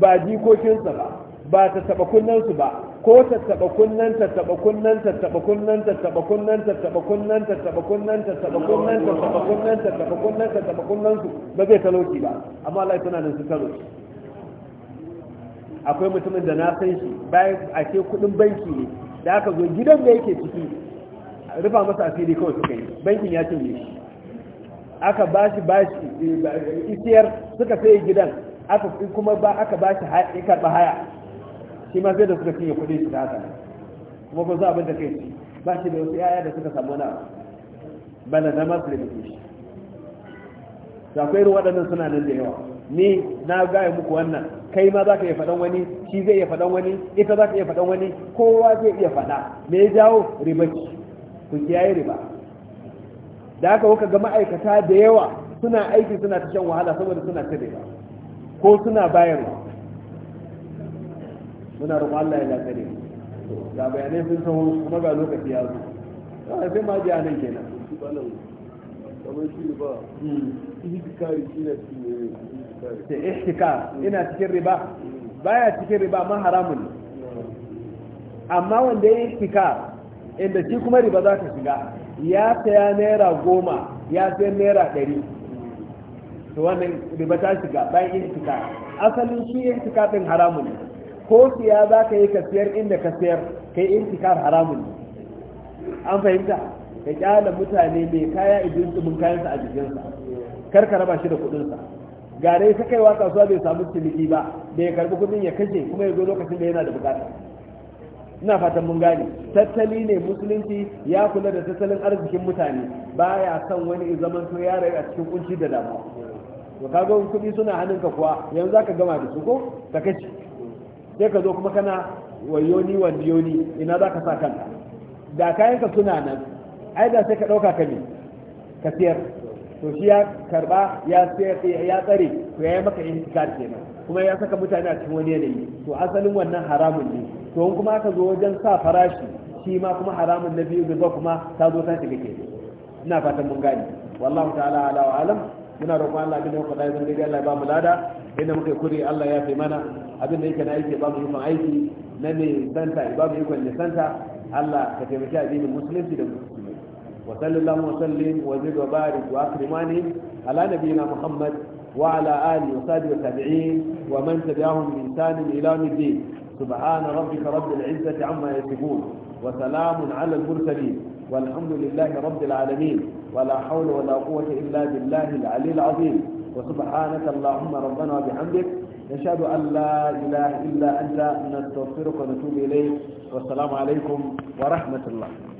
ba jikokinsa ba ba ta taɓa kunnensu ba ko ta taɓa kunnen ta taɓa kunnen ta taɓa kunnen ta taɓa kunnen ta taɓa kunnen ta taɓa kunnen ta taɓa kunnen ta taɓa kunnen ta taɓa kunnen ta taɓa kunnen su ba zai talauci ba amma Allah tana nan su talauci akwai mutumin da na san shi bayan a ce kudin banki ne da aka zo gidan da yake ciki rufa masa asiri kawai suka yi bankin ya cinye shi aka ba shi ba shi eh, isiyar suka sai gidan aka kuma ba aka ba shi ya karɓa haya shi ma sai da suka cinye kuɗi shi ta haka kuma ko za da kai ba shi da wasu yaya da suka samu na bana na masu da shi akwai irin waɗannan suna nan da yawa ni na gaya muku wannan kai ma za ka iya faɗan wani shi zai iya faɗan wani ita za ka iya faɗan wani kowa zai iya faɗa me ya jawo riba ku kiyaye riba da haka kuka ga ma'aikata da yawa suna aiki suna ta shan wahala saboda suna ta riba ko suna bayarwa muna da Allah ya ne. ga bayanai sun san kuma ga lokaci ya zo sai ma ji anan kenan kamar shi ba hmm. ihdikari shi ne ce ihtika ina cikin riba baya cikin riba ma haramun amma wanda ya ihtika inda shi kuma riba za ta shiga ya saya naira goma ya sayar naira ɗari to wannan riba ta shiga bayan ihtika asalin shi ihtika ɗin haramun ne ko siya za ka yi ka siyar inda ka siyar kai ihtika haramun an fahimta ka kyala mutane mai kaya idan tsumin kayansa a jikinsa kar ka raba shi da kuɗinsa ga dai ta kaiwa kasuwa bai samu ciniki ba da ya karbi kudin ya kashe kuma ya zo lokacin da yana da bukata ina fatan mun gane tattali ne musulunci ya kula da tattalin arzikin mutane baya son wani zaman to ya rayu a cikin kunci da damu to kaga kudi suna ka kuwa yanzu zaka gama da su ko ka kace sai ka zo kuma kana wayoni wandiyoni ina zaka sa kanka da kayanka suna nan ai da sai ka ɗauka ka ne ka siyar to shi ya karba ya ya tsare to ya yi maka ihtikar kenan kuma ya saka mutane a cikin wani yanayi to asalin wannan haramun ne to in kuma aka zo wajen sa farashi shi ma kuma haramun na biyu da kuma ta zo ta shiga ke ina fatan mun gane wallahu ta'ala ala wa alam muna roƙon Allah bin yau da zan Allah ya ba mu lada inda muka kuri Allah ya fi mana abin da yake na aiki ba mu yi aiki na ne santa ba mu yi kwanne santa Allah ka taimaki addinin musulunci da mu وصل اللهم وسلم وزد وبارك واكرماني على نبينا محمد وعلى اله وصحبه التابعين ومن تبعهم بإنسان الى يوم الدين سبحان ربك رب العزه عما يصفون وسلام على المرسلين والحمد لله رب العالمين ولا حول ولا قوه الا بالله العلي العظيم وسبحانك اللهم ربنا وبحمدك نشهد أن لا إله إلا أنت نستغفرك ونتوب إليك والسلام عليكم ورحمة الله